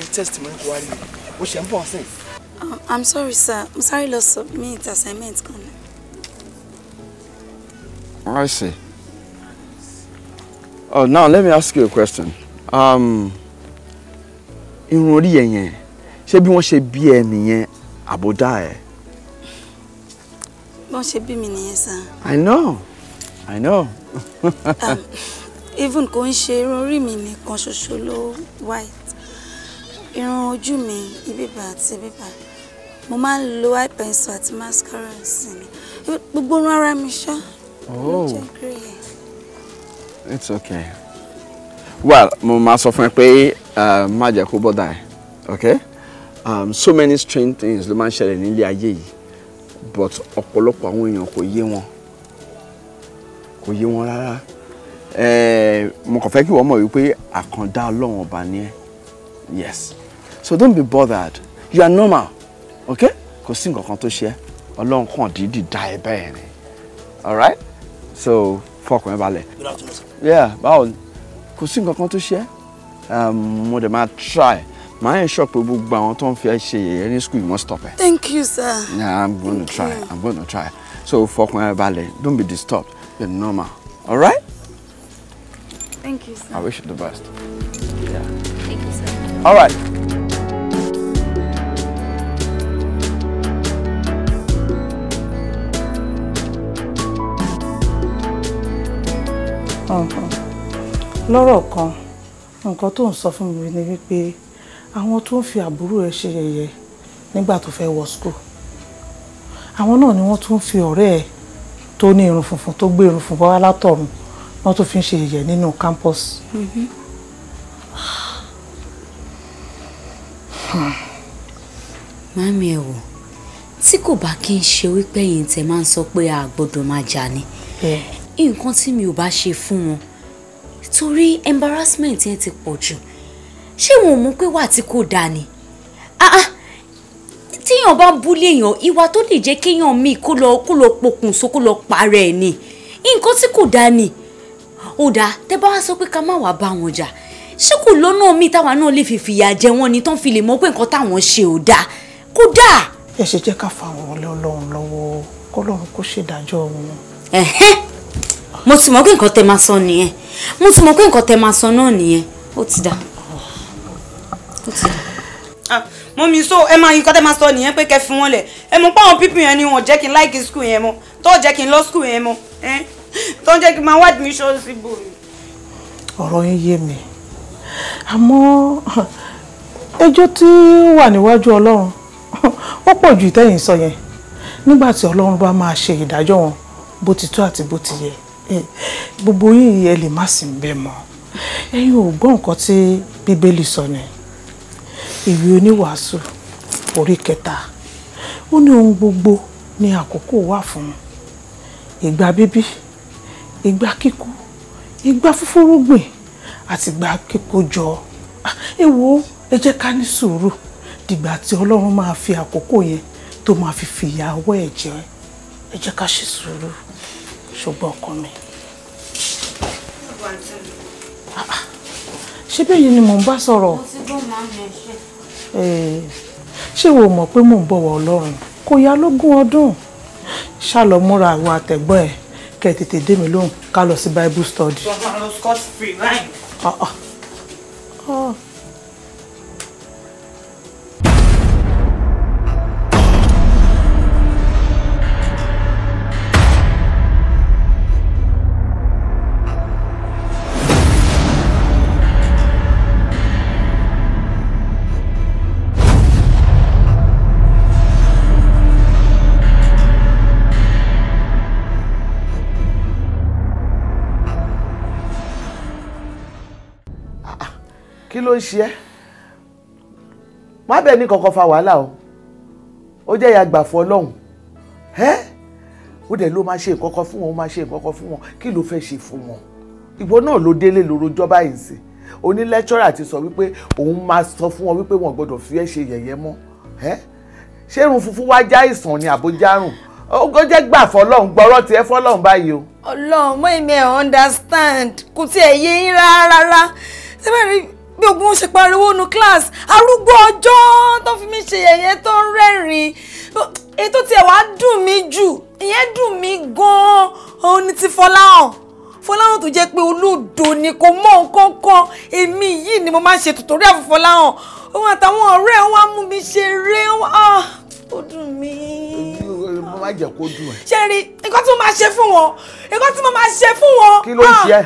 rí testimony kó wá rí mi o ṣe ń oh, i'm sorry sir I'm sorry, lost submit assignment kan i see. Oh, now let me ask you a question. Um, irun orí yẹn yẹn ṣé bí wọ́n ṣe bí ẹ nìyẹn àbúdá ẹ. wọ́n ṣe bí I know I know. um, even kò she ṣe irun orí mi nìkan ṣoṣo irun ojú mi ibìbà àti ibìbà mo máa ń lo eye pencil àti mascara sí mi gbogbo orun ara mi ṣá. oh it's okay well mo máa sọ fún ẹ pé uh, má jẹ́ kó bọ́dà ẹ okay um, so many strange things ló máa ń ṣẹlẹ̀ nílé ayé yìí but ọ̀pọ̀lọpọ̀ àwọn èèyàn kò yé wọn kò yé wọn rárá eh, mo kàn fẹ́ kí wọ́n mọ̀ wípé àkàndá ọlọ́run ọba ni ẹ yes so don't be bothered you are normal okay kò sí nǹkan kan tó ṣe ọlọ́run kàn dídì dá ẹ bẹ́ẹ̀ ni alright so fọkàn ẹ balẹ̀ yeah báwo kò sí nǹkan kan tó ṣe um, mo dẹ̀ máa try máa ń sọ pé gbogbo àwọn tó ń fi ṣe yẹ̀yẹ́ ní school you must stop ẹ. thank you sir. yeah i'm going thank to try you. i'm going to try so fọkàn ẹ balẹ̀ don't be disturbed You're normal All right? thank you sir. i wish you the best. Yeah. thank you sir. All right. lọ́rọ̀ kan nǹkan tó ń sọ fún mi ni wípé àwọn tó ń fi àbúrò ẹ ṣe yẹ̀yẹ́ nígbà tó fẹ́ wọ school àwọn náà ni wọ́n tún fi ọ̀rẹ́ ẹ tó ní irun funfun tó gbé irun funfun wá látọ̀run wọ́n tún fi ń ṣe yẹ̀yẹ́ nínú campus. Mm-hmm. Mami ẹ wò tí kò bá kí n ṣe wípé yìí tẹ máa ń sọ pé a gbọ́dọ̀ máa jà ni nǹkan tí mi ò bá ṣe fún wọn torí embarrassment yẹn ti pọ̀ jù ṣé wọn ò mú pé wà tí kò dáa ni ah, ah. tíyàn bá búlé èèyàn ìwà tó lè jẹ́ kéèyàn míì kó lọ kó lọ pokùnso kó lọ parẹ́ ẹ̀ ni nǹkan tí kò dáa ni ó dáa tẹ bá wá sọ pé ká má wàá bá wọn jà ṣé kò lọ́nà míì táwa náà lè fi fìyà jẹ wọn ni tán fi lè mọ pé nǹkan táwọn ṣe ò dáa kó dáa. ẹ ṣe jẹ́ ká fa àwọn ọlọ́run lọ́wọ́ kọ́lọ́run kó ṣèdájọ́ wọn mo ti mọ̀ pé nǹkan tẹ máa sọ nìyẹn mo ti mọ̀ pé nǹkan tẹ máa sọ náà nìyẹn ó ti dà ó ti dà ah, mọ́mí so ẹ máa nǹkan tẹ́ máa sọ nìyẹn pé kẹ́ fi wọ́n lẹ̀ ẹ mọ̀ pé àwọn pípìn yẹn ni wọ́n jẹ́ kí n láìkí skul yẹn mọ́ tó jẹ́ kí n lọ skul yẹn mọ́ tó jẹ́ kí n máa wá admission sí ibò mi. ọ̀rọ̀ yín yé mi àmọ́ ẹjọ́ tí ó wà níwájú ọlọ́run ó pọ̀ ju ìtẹ́yìn sọ yẹn nígbà tí ọlọ́run bá máa ṣe ìdájọ́ wọn bó ti tó àti bó ti yẹ [LAUGHS] gbogbo yìí ẹ lè má sì ń bẹ mọ́ ẹ̀yin ò gbọ́ nǹkan tí bíbélì sọ ni ìwé oníwàásù orí kẹta ó ní ohun gbogbo ní àkókò wà fún un ìgbà bíbí ìgbà kíkú ìgbà fúfúrúgbìn àti ìgbà kíkójọ ah, ẹ wo ẹ jẹ́ ká ní sùúrù dìgbà tí ọlọ́run máa fi àkókò yẹn tó máa fi fìyàwó ẹ̀ jẹ ẹ jẹ́ ká ṣe sùúrù ṣùgbọ́n ọkọ mi. Ah, ah. ṣé bẹ́ẹ̀ ni mò ń bá sọ̀rọ̀? ṣé wo mọ̀ pé mò ń bọ̀wọ̀ ọlọ́run kò yá lógún ọdún ṣàlọ́ múra àwọn àtẹ̀gbọ́n ẹ̀ kẹ́ tètè dé mi lóhùn ká lọ sí bible study. bàbá lọ scot free line. kí ló ń ṣe ẹ́ má bẹ́ẹ̀ ní kankan fa wàhálà o ó jẹ́ ìyá àgbà fún ọlọ́run ẹ́ ó dẹ̀ ló máa ṣe nǹkankan fún wọn ó máa ṣe nǹkankan fún wọn kí ló fẹ́ ṣe fún wọn ìwọ náà ló délé lóró jọba yìí sí oní lẹ́kṣọ́rà ti sọ wípé òun máa sọ fún wọn wípé wọn gbọ́dọ̀ fi ẹ́ ṣe yẹ̀yẹ́ mọ́ ẹ́ ṣé irun funfun wá já ìsàn ni àbójárùn ó jẹ́ gbà fọlọ́run gbọ́rọ́ tiẹ̀ fọlọ́run báyìí o. ọlọ́run mọ èmi ẹ understand kò tiẹ̀ yé yín rárá rárá ṣé bá rí bí ogun wọn ṣe pariwo nu class arúgbó ọjọ́ tó fi mí ṣe yẹ̀yẹ́ tó ń rẹ́rìn-ín èyí tiẹ̀ wá dùn mí jù ìyẹn dùn mí gan-an òun ni ti Fọláhàn Fọláhàn tó jẹ́ pé olóòdo ni kò mọ nǹkan kan èmi yìí ni mo máa ń ṣe tutorial fún Fọláhàn òun àtàwọn ọ̀rẹ́ ẹ̀ wá mú mi ṣeré ó ah, dùn mí. mo máa jẹ kó dùn ẹ. ṣe nǹkan tí mo máa ṣe fún wọn nǹkan tí mo máa ṣe fún wọn. kí ló ń ah, ṣe ẹ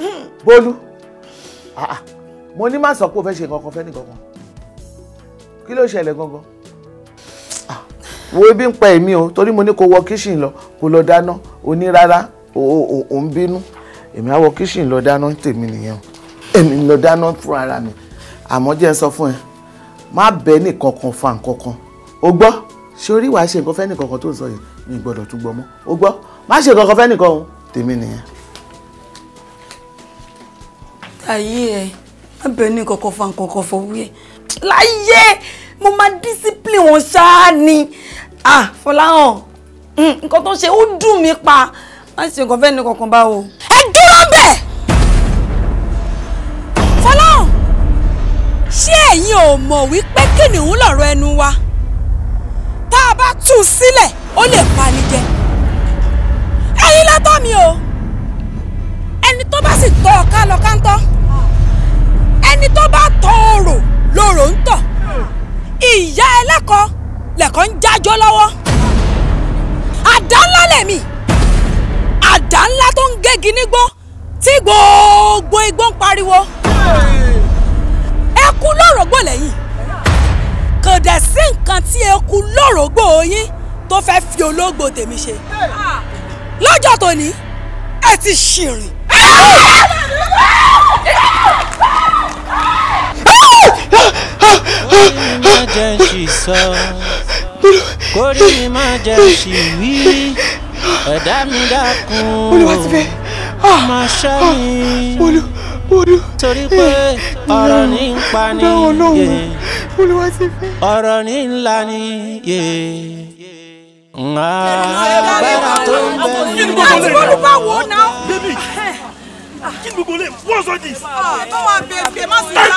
hmm. bólú ah, mo ní má sọ pé o fẹ́ ṣe nǹkan kan fẹ́ ní kankan kí ló ṣẹlẹ̀ gangan wo ebi ń pa èmi o torí mo ní kó wọ kíṣìn lọ kó lọ dáná o rárá o ń bínú èmi á wọ kíṣìn lọ dáná tèmi nìyẹn o èmi lọ dáná fún ara mi àmọ́ jẹ́ ń sọ fún ẹ má bẹ́ẹ̀ nìkan kan fa nǹkan kan o gbọ́ ṣé orí wàá ṣe nǹkan fẹ́ nìkan kan tó ń sọ yìí mi gbọ́dọ̀ tún gbọ́ mọ́ o gbọ́ má ṣe nǹkan kan fẹ́ nìkan o tèmi nìyẹn. ayé ẹ má bẹ̀rẹ̀ ní kọ̀kọ́ fa kọ̀kọ́ fọwọ́ yẹ láyé mo máa discipline wọn ṣáá ni ah Fọláhàn hmm, nǹkan tó ṣe ó dùn mí pa má ṣe nǹkan fẹ́ẹ́ ní kankan báwo. ẹ dúró bẹ́ẹ̀ Fọláhàn ṣé ẹ̀yin ò mọ̀ wípé kìnìún lọ̀rọ̀ ẹnu wa tá a bá tú u sílẹ̀ ó lè pani jẹ ẹ̀yin látọ̀ mi o ẹni tó bá sì tọ́ ọ ká lọ ká ẹni tó bá tọ òrò lòrò ń tọ̀ ìyá ẹlẹ́kọ̀ọ́ lẹ̀kọ́ ń jájọ́ lọ́wọ́ àdá ńlá lẹ̀mí àdá ńlá tó ń gégi nígbó tí gbogbo igbó ń pariwo eku lórógbò lẹ́yìn kò dẹ̀ sí nǹkan tí eku lórógbò yín tó fẹ́ fi ológbò tèmi ṣe lọ́jọ́ tòní ẹ ti ṣìrìn. Kórìí má jẹ́ ṣì sọ, kórìí má jẹ́ ṣì wí, ẹ̀dá mi dákun ó má ṣẹ́ mi. ọ̀rọ̀ ni, ńlá ni. Agbára Kí ni gbogbo lè wọ́n sọ jì? Tó wà bèbè má sì rà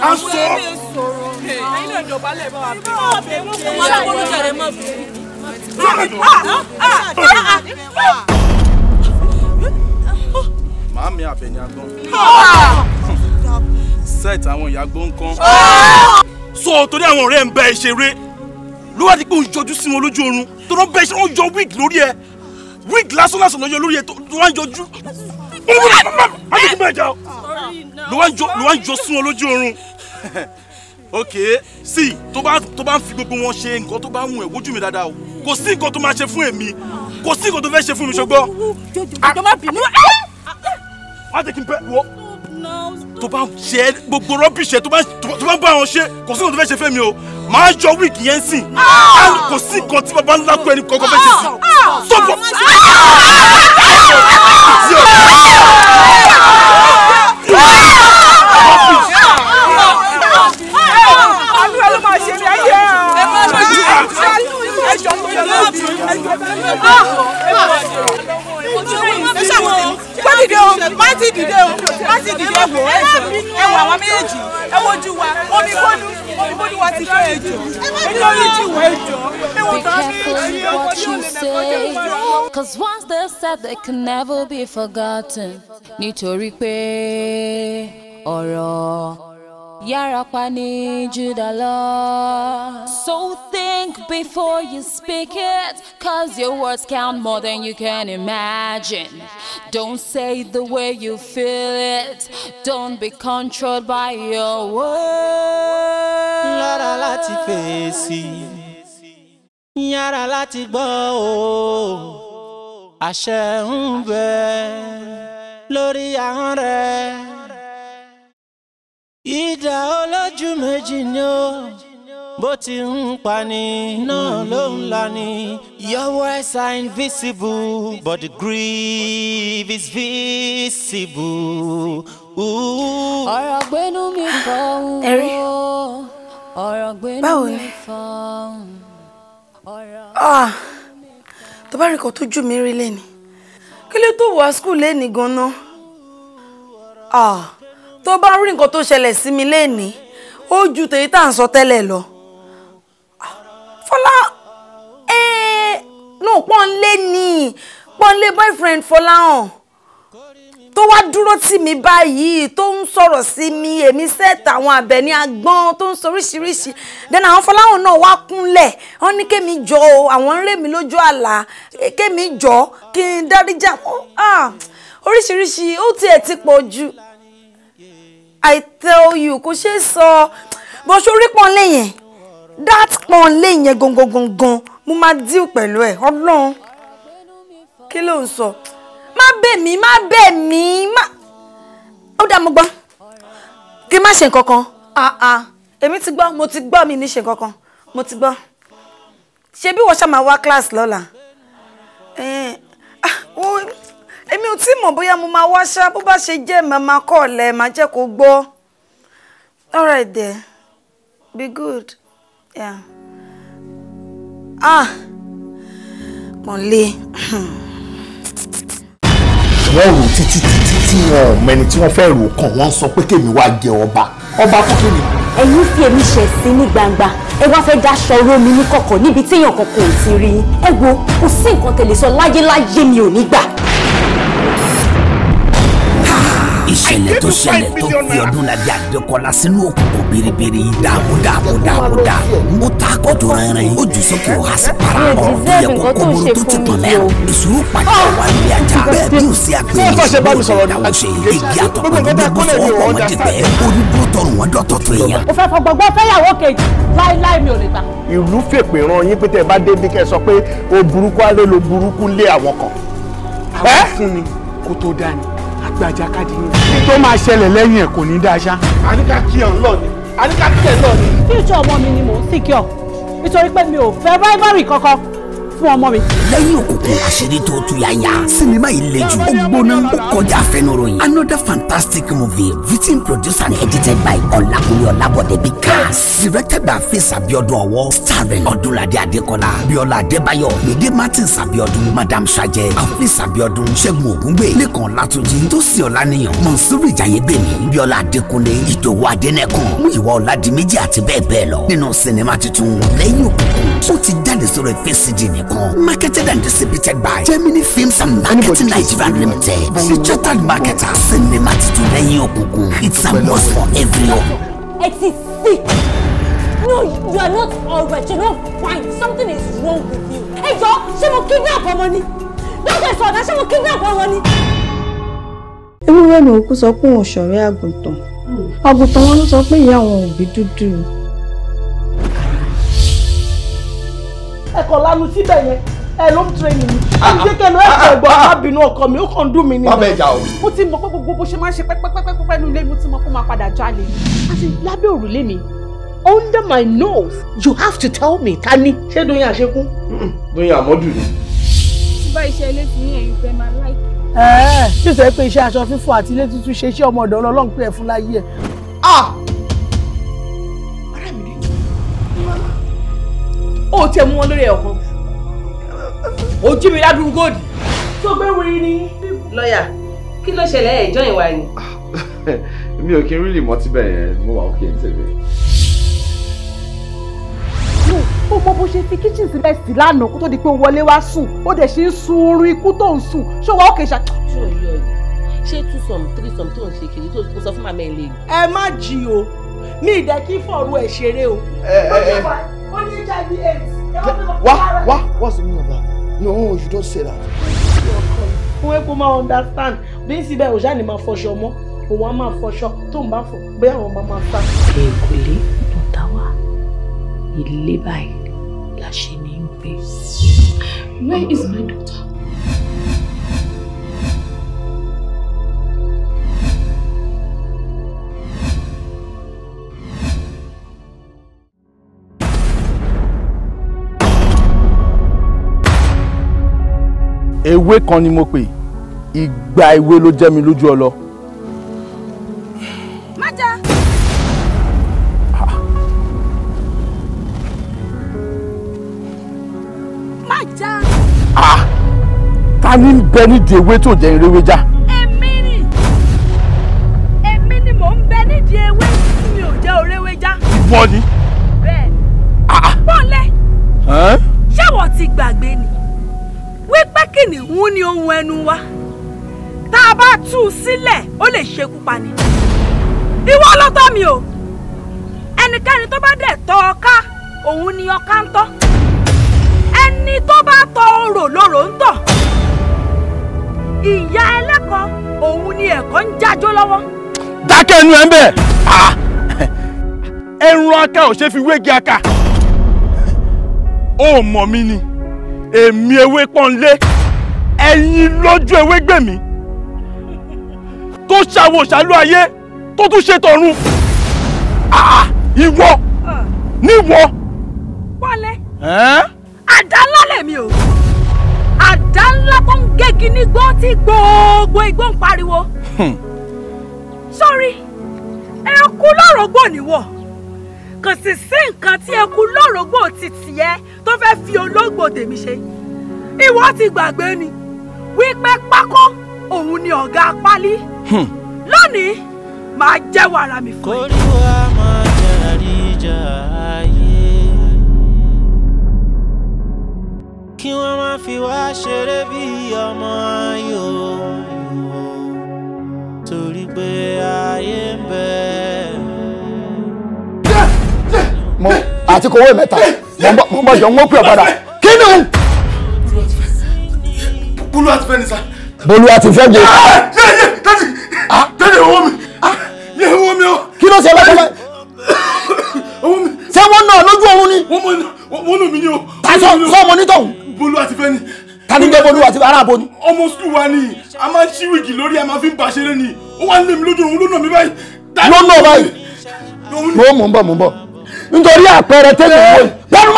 á sọ. ẹ̀yin náà jọba lẹ̀ bá wa bí. wọ́n lọ bọ́lú jàre mọ́ bí. màámi àbẹ̀ni agbọ́n set àwọn ìyá gbọ́ǹkan. sọ torí àwọn ọ̀rẹ́ ń bá ẹ ṣeré ló wá di pé òun jọjú sí wọn lójú oorun tó ló ń bẹ ṣe wọn jọ wig lórí ẹ wig lásán lásán lọ́jọ́ lórí ẹ tó wá ń jọjú bọ́ọ̀bù náà bàbá má jẹ́ kí bẹ́ẹ̀ jà o ló wá ń jọ sún ọ lójú oorun ok sí tó bá tó bá ń fi gbogbo wọn ṣe nǹkan tó bá ń wù ẹ́ wojú mi dáadáa o kò sí nǹkan tó máa ṣe fún èmi kò sí nǹkan tó fẹ́ ṣe fún mi ṣùgbọ́n. jọjọ má bínú. má jẹ́ kí n bẹ́ẹ̀ wọ tó bá ṣe gbogbo rọ́bìṣẹ́ tó bá ń bá wọn ṣe kò sí nǹkan tó fẹ́ ṣe fẹ́ mi o máa yọ wíìgì yẹn sìn kò sí nǹkan tí bàbá ńlá tó ẹni kọ́kọ́ fẹ́ ṣe sí. sọ́pọ̀. sì dìde wò ẹ jọ ẹ wọ àwọn méjèèjì ẹ wojú wa omi bódú omi bódú wa ti fẹ́ ẹ jọ èyí oríjì wọ ẹ jọ ẹ wọ tán ní ìṣe ọmọ tí ó lè lẹ́kọ̀ọ́ Cause once they've said they can never be forgotten nítorí pé ọ̀rọ̀ Yarakwa neju the law. So think before you speak it, cause your words count more than you can imagine. Don't say the way you feel it, don't be controlled by your words. Lára láti fèsì, yára láti gbọ́ o, àṣẹ ń bẹ lórí ahọ́n rẹ̀. ìdá olójú méjì ni ó bó ti ń pani náà ló ń lani your words are invisible but the grief is visible. ọ̀rọ̀ gbénú mi fọ́hún o ọ̀rọ̀ gbénú mi fọ́hún. Ah, tó bá rí kan tó jù mí rí lẹ́ni kí ló tó wá skul lẹ́ni gan-an. Ah tó bá rí nǹkan tó ṣẹlẹ̀ sí mi lénìí ó ju tèyí tá à ń sọ tẹ́lẹ̀ lọ. Ah, Fọlá ẹ̀ẹ́ nù pọ́nlé ni pọ́nlé boyfriend Fọláhàn tó wá dúró tì mí báyìí tó ń sọ̀rọ̀ sí mi èmi sẹ́ẹ̀tì àwọn Àbẹ̀ní agbọ́n tó ń sọ oríṣiríṣi then àwọn Fọláhàn náà wá kúnlẹ̀ wọ́n ní kémi jọ o àwọn ń rè mí lójú àlá kémi jọ kí n dáríjà ah, oríṣiríṣi ó tiẹ̀ ti pọ̀ jù. I tell you kò ṣeé sọ bó ṣe orí pọ́nlé yẹn that pọ́nlé yẹn gangan gangan mo máa deal pẹ̀lú ẹ̀ ọlọ́run kí ló ń sọ má bẹ̀ mí má bẹ̀ mí má ó dá mo gbọ́ kí n má ṣe nǹkan kan ah ah èmi ti gbọ́ mo ti gbọ́ mi ní ṣe nǹkan kan mo ti gbọ́ ṣebí wọ́n ṣá wá class lọ́la. Eh, oh, èmi ò tí mọ̀ bóyá mo máa wáṣá bó bá ṣe jẹ́ màmá kọ́ọ̀lẹ̀ máa jẹ́ kó gbọ́ all there be good yeah. ah pọ̀nlé. wọ́n rò títí títí tí wọn ò mẹ́ni tí wọ́n fẹ́ rò kàn wọ́n sọ pé kèmi wá jẹ ọba ọba kókè mi. ẹ̀yin fi èmi ṣẹ̀sín ní gbangba ẹ wá fẹ́ dáṣọ oró mi ní kọ̀kọ̀ níbi téèyàn kankan ò ti rí i ẹ wo kò sí nǹkan tẹ̀lé sọ láyéláyé mi ò ní gbà. ìṣẹ̀lẹ̀ tó ṣẹlẹ̀ tó fi Ọdúnladé Adékọlá sínú òkùnkùn biribiri dààmú dààmú dààmú dààmú ó ta kótó rẹ̀rìn ó jù sókè ó há para ọ̀rọ̀ tó yẹ kó kóboro tó ti tàn lẹ́rù ìṣòro pàdé wà nílé ajá bẹ́ẹ̀ bí ó sì àgbẹ̀ yìí ló ń dáwọ́ ṣe igi àtọ̀pọ̀ ló dé kó fọ́ bẹ́ẹ̀ ó ní bó tọrùn wọn dọ́tọ̀ àgbàjà káàdì yín. tó máa ṣẹlẹ̀ lẹ́yìn ẹ̀ kò ní dáa ṣá. àníkà kí ẹ̀ ń lọ ni àníkà kí ẹ̀ ń lọ ni. future ọmọ mi ni mò ń secure nítorí pé mi ò fẹ́ rivalry kankan fún ọmọ mi. lẹ́yìn òkùnkùn àṣírí tó tú yáyà sinimá yìí le jù ó gbóná ó kọjá àfẹnuròyìn another fantastic movie written produced and edited by ọlákùnrin ọlábọ̀dé bíi cast directed by faith abiodun ọwọ́ starring ọdúnladé adékọlá Biola adébáyọ̀ gbèdé martins abiodun madam sajẹ afis abiodun ṣẹ́gun ògúngbè lẹ́kàn látúnjì tósí ọ̀lànìyàn mọ̀nsúrì jayébèmí bíọ́lá adékúnlé ìdòwú adẹ́nẹ́kùn mú ìwà ọ̀làdìmẹ́jì àti bẹ́ẹ̀ bẹ́ẹ̀ lọ nínú sinimá tuntun lẹ́yìn òkùnkùn ó ti jáde sórí fẹ́sídìí Leko. Marketed and distributed by Germany Films and Marketing Nigeria Limited. The chartered marketer. Cinema Tituleyin Okuku. It's a must for everyone. It is sick. No, you are not alright. You're not fine. Something is wrong with you. Hey, yo, ṣé mo kidnap ọmọ ni? Lọ́sẹ̀ sọ̀dá ṣé mo kidnap ọmọ ni? Ewúrẹ́ ni òkú sọ pé òun ṣọ̀rẹ́ àgùntàn. Àgùntàn wọn ló sọ pé ìyá àwọn òbí dúdú. ẹ̀kọ́ lanu síbẹ̀ yẹn ẹ ló ń training mi ah, ẹni jẹ́ kẹ́nu ẹ̀kọ́ ah, ah, ẹ̀gbọ́n arábìnrin ọkọ mi ó kàn ń dùn mí nínú. wọ́n bẹ̀ jà o. mo ti mọ pé gbogbo bó ṣe máa ń ṣe pẹ́pẹ́pẹ́pẹ́ nínú ilé mo ti mọ kó máa padà jalè àti lábẹ́ òrùlé mi under my nose you have to tell me ta ni. ṣé dunya àṣekún. dunya àmọ́dù ni. tí bá iṣẹ́ ilé ti ní ẹ̀yìn fẹ́ máa láì. ẹ̀ẹ́ ṣùgbọ́n pé iṣẹ́ aṣọ fífọ̀ àti ilé tuntun ṣe iṣẹ́ ọmọ ọ̀dọ́ ọlọ́run pé ẹ̀ fún láyé ẹ̀. ah ó tiẹ̀ mú wọn lórí ẹ̀yọ̀ kan ojú mi ládùúgbò góòdì tó gbé wiri ni. lọ́ọ̀yà kí ló ṣẹlẹ̀ ẹ̀jọ́ ìwà ni. [LAUGHS] mi ò kí n rílì mọ́ tíbẹ̀ yẹn mo wà òkè ní tèmi. ó mọ bó ṣe fi kíchìn sílẹ̀ sí lánàá kó tó di pé ó wọlé wá sùn ó dẹ̀ ṣe ń sun oorun ikú tó ń sùn ṣó wà òkè ṣá. ṣé o yọ yìí ṣé two some three some tó ń ṣe kiri tó sọ fún màmá ẹ lè. ẹ má jí o mi ì dẹ́ kí fọ̀rọ̀ ẹ̀ ṣeré o. ẹ ẹ ẹ ó ní HIV AIDS. wá wá what's the meaning of that no you don't say that. fún ẹ kó understand This is òṣà ni máa fọṣọ mọ́ òun á máa fọṣọ tó ń bá fọ bẹ́ẹ̀ àwọn ọmọ máa sá. èkúlé ló dá wa ilé báyìí la ṣe ní í where is my daughter. ewé kan ni mo pè ìgbà ewé ló jẹ́ mi lójú ọlọ. májà. májà. ta ni ń bẹ nídìí ewé tó jẹ́ ìrẹ́wé já. èmi ni èmi ni mò ń bẹ nídìí ewé mi ò jẹ́ òrẹ́wé já. ìwọ ni. bẹ́ẹ̀ ni. pọ́nlẹ̀. ṣé wọ́n ti gbàgbé ni kìnìún ní ohun ẹnu wa tá a bá tú u sílẹ̀ ó lè ṣekú pani ìwọ ló mi o ẹnikẹ́ni tó bá dẹ̀ tọ́ ọ òun ni ọká ń tọ́ ẹni tó bá tọ́ orò lóró ń tọ̀ ìyá ẹlẹ́kọ̀ọ́ òun ni ẹ̀kọ́ ń jájó lọ́wọ́. dákẹ́ ẹnu ẹ ń bẹ̀ ẹrun aka ò ṣe fi wégi aka ó mọ̀ mí ni èmi ewé pọ́nlé ẹ̀yin lójú ewé gbèmí tó ṣàwò ṣàlú ayé tó tún ṣe tọ̀run ah, ìwọ níwọ. wọlé àdá ńlá lèmi o àdá ńlá tó ń gégi nígbó tí gbogbo igbó ń pariwo sórí ẹkú lọ́rọ̀gbò níwọ̀ kò sì sí nǹkan tí ẹkú lọ́rọ̀gbò ti tì ẹ́ tó fẹ́ fi olóògbò tèmi ṣe ìwọ ti gbàgbé ni wípé pákó òun ni ọ̀gá pálí hmm. lónìí màá jẹ́wọ́ ara mi fún ẹ. kólúwa máa jà ìjà ayé kí wọ́n má fi wá ṣeré bí ọmọ ayò torí pé ayé ń bẹ. mo àti kò wé mẹ́ta mo ń bọ̀ jọ ń wọ́pẹ́ kí ni o. Bolúwatifẹ́ ni sá. Bolúwatifẹ́ jẹ. Ah, yẹ ah, yẹ dadi dadi owó mi yẹ ah, owó mi o. kí ló ṣe lọ́sọ̀lọ́. [COUGHS] owó mi. ṣé wọ́n náà lójú oorun ni. wọ́n mọ wọ́n lò mí ni o. tàṣọ sọ ọmọ nítọ̀hún. Bolúwatifẹ́ ni. tani jẹ́ Bolúwatifẹ́ ará abo ni. ọmọ sukùl wa ni a máa ń ṣí wíìgì lórí a máa fi ń bá ni ó wà nílé mi lójú oorun lónà mi báyìí. lónà báyìí. mo mọ̀ ń bọ̀ mo ń bọ̀ nítorí àpẹẹrẹ tẹ́lẹ̀ wọ́n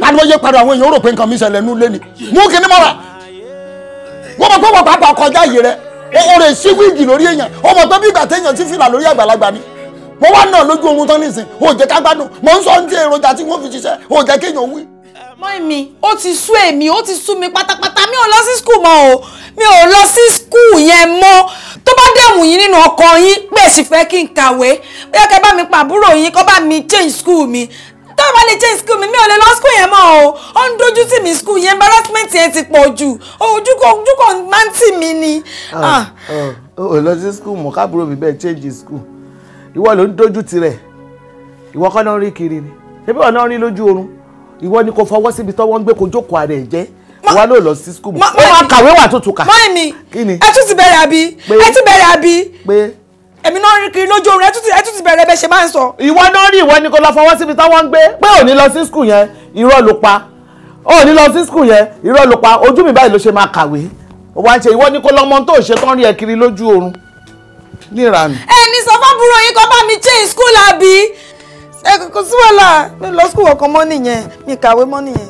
wọ́n mọ̀ láti wọ́n yé padà àwọn èèyàn rò pé nǹkan mi ṣẹlẹ̀ nú ni mú kí ni mọ́ra wọ́n mọ̀ pé wọ́n pàápàá kọjá yìí rẹ o rè sí wíìgì lórí èèyàn o mọ̀ pé bí ìgbà téèyàn ti fìlà lórí àgbàlagbà ni mo wá náà lójú oorun tán nísìn o jẹ́ ká gbádùn mo ń sọ ní ti èròjà tí wọ́n fi ṣiṣẹ́ o jẹ́ kéèyàn wí. mọ́ mi ó ti sú èmi ó ti sú mi pátápátá mi ò lọ sí skul mọ́ o mi ò lọ sí skul yẹn mọ́ tó bá dẹ̀mù yín nínú ọkọ yín pèsè fẹ́ kí n kàwé bóyá kẹ́ bá mi pàbúrò yín kọ́ bá mi change school mi táwa lè change school mi mi ò lè lọ school yẹn mọ́ o ó ń dojú tì mí school yẹn embarrassment yẹn ti pọ̀ jù ojú kò ojú kò máa ń tì mí ni. Ah, ah. Ah, o lọ sí school mọ káàbúrò mi bẹ́ẹ̀ change school ìwọ ló ń dojú tirẹ̀ ìwọ kọ́ náà rí kiri ni ṣebí wọn náà rí lójú oorun ìwọ ni kò fọwọ́ síbi tọ́wọ́ ń gbé kó jókòó ara ẹ̀ jẹ́ wa ló lọ sí skul mọ wọn kàwé wà tó tù ká. mọ́ mi ẹ tún ti bẹ̀rẹ̀ àbí ẹ tún bẹ̀rẹ̀ àbí. pé èmi náà rí kiri lójú oorun ẹ tún ti bẹ̀rẹ̀ bẹ́ẹ̀ ṣe máa ń sọ. ìwọ náà rí ìwọ ni kò lọ fọwọ́ síbi táwọn ń gbé pé ò ní lọ sí skul yẹn irọ́ ló pa ò ní lọ sí skul yẹn irọ́ ló pa ojú mi báyìí ló ṣe máa kàwé wá ń ṣe ìwọ ni kò lọ́mọ tó ṣe tán rí ẹ kiri lójú oorun níranù. ẹ ní sọ fún búrò yín kan bá mi change school àbí ẹ kò sí wàhálà mi lọ skul ọkàn mọ́ nìyẹn mi kàwé mọ́ nìyẹn.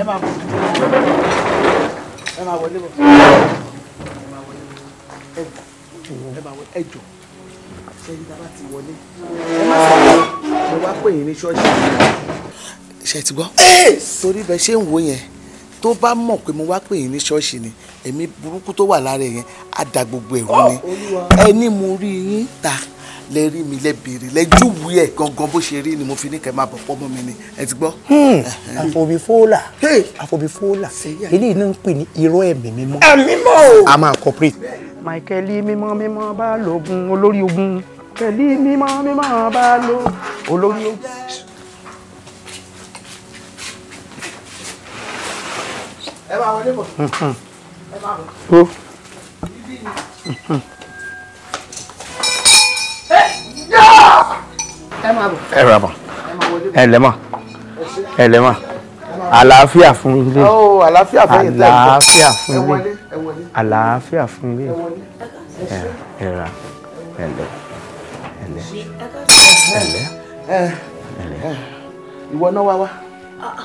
ẹ máa bọ̀ ẹ máa wọlé bọ̀ ẹ máa wọlé ẹ jọ ṣẹ́yìn tá a bá ti wọlé ẹ má sọ̀rọ̀ mo wá pè yín ní ṣọ́ọ̀ṣì ṣe torí bẹ ṣé ń wo yẹn tó bá mọ̀ pé mo wá pè yín ní ṣọ́ọ̀ṣì ni ẹ̀mí burúkú tó wà lára yẹn á da gbogbo ẹ̀rú ni oh, ẹni mo rí yín ta lẹ rí mi lẹ béèrè lẹ júwèé ẹ gangan bó ṣe rí ni mo fi ní kẹ máa bọ̀ pọ́mọ́ mi ni ẹ ti gbọ́. àfọbífólà hmm, àfọbífólà eléyìí náà ń pè ní irọ́ ẹ̀mí mímọ́. ẹ̀mí mọ́ o. a máa cooperate. michael mímọ́ mímọ́ bá lògùn olórí ogun kẹ̀lí mímọ́ mímọ́ bá lò olórí ogun. ẹ bá wọlé bọ̀. Hmm, hmm. ẹ bá wọlé. ẹ rà mọ ẹ lẹ mọ ẹ lẹ mọ àlàáfíà fún ilé oh, àlàáfíà fún ilé àlàáfíà fún ilé ẹ rà ẹ lẹ ẹ lẹ ẹ lẹ ẹ lẹ. ìwọ náà wá wá ah, ah.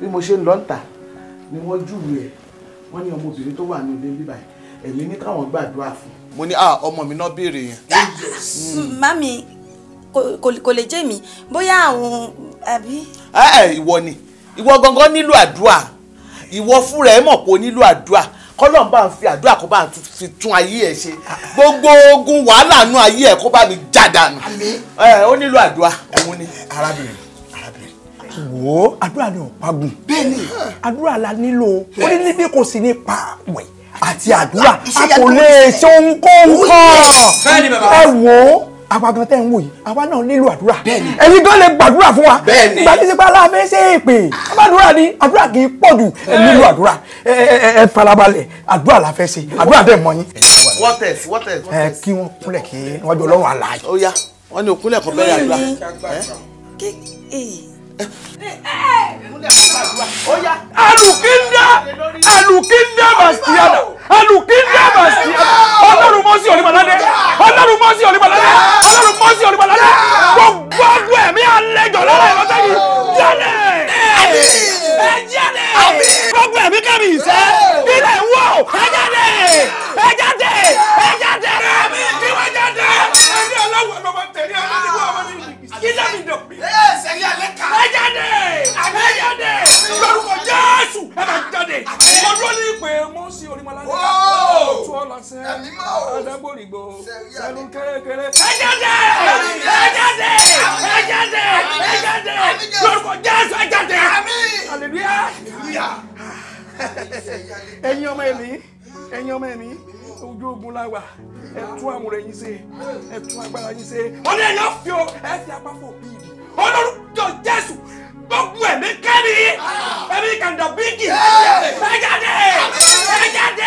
bí mo ṣe ń lọ ń tà ni wọ́n júwe ẹ̀ wọ́n ní ọmọbìnrin tó wà ní ilé bíbá yìí èmi ní káwọn gbàdúrà fún. mo ní ah, ọmọ mi náà béèrè yẹn. mami kò lè jẹ́ mi bóyá àwọn àbí. Eh, eh, ìwọ ni ìwọ gangan nílò àdúrà ìwọ fúnra ẹ mọ̀ pé o nílò àdúrà kọ́lọ́n bá ń fi àdúrà kó bá ń fi tún ayé ẹ̀ ṣe gbogbo ogun wàhálà nú ayé ẹ̀ kó bá mi já dànù eh, ó nílò àdúrà òun ni. arábìnrin wò ó àdúrà ni ò pagùn bẹ́ẹ̀ni àdúrà la nílò ó ní níbi kò sí ní pàwẹ̀ àti àdúrà a kò lè ṣe ohunkóhun kan ẹ wò àwa gan tẹ́ ń wò yìí àwa náà nílò àdúrà ẹ̀yin gan lè gbàdúrà fún wa ìgbà tí sípa aláàfẹ́ ṣe é pè àbádúrà ni àdúrà kì í pọ̀ jù ẹ nílò àdúrà ẹ farabalẹ̀ àdúrà la fẹ́ ṣe àdúrà dẹ̀ mọ́ yín. what else what else. ẹ kí wọ́n kúnlẹ̀ kí wọ́n jọ lọ́rùn àlàyé. ó yá wọ́n ní òkúnlẹ̀ kan bẹ́ẹ̀ àdúrà. Oya. alukinda alukinda bastiana alukinda bastiana ọlọ́run mọ́sí olùbaládé ọlọ́run mọ́sí olùbaládé ọlọ́run mọ́sí olùbaládé gbogbo ọdún ẹ̀mí alẹ́jọ lọ́la ìrọ́sẹ́ yìí jẹ́lẹ̀ gbogbo ẹ̀mí kẹ́mi ìṣẹ́ ilẹ̀ ń wọ̀ ẹ̀jáde ẹ̀jáde ẹ̀jáde ẹni aláwọ̀ ló máa tẹ̀lé ẹni nígbà wọn ọmọ ẹ̀mí ẹ̀yin ọmọ ẹ̀mí ojú ogun la wà ẹ tú àmúrẹ yín ṣe ẹ tú agbára yín ṣe ọdún ẹ̀yàn fi o ẹ fi apá fò bíi ìdì olórúkọ jésù gbogbo ẹ̀mí kẹ́mi ẹ̀mí kàndà bíkì ẹ jáde ẹ jáde.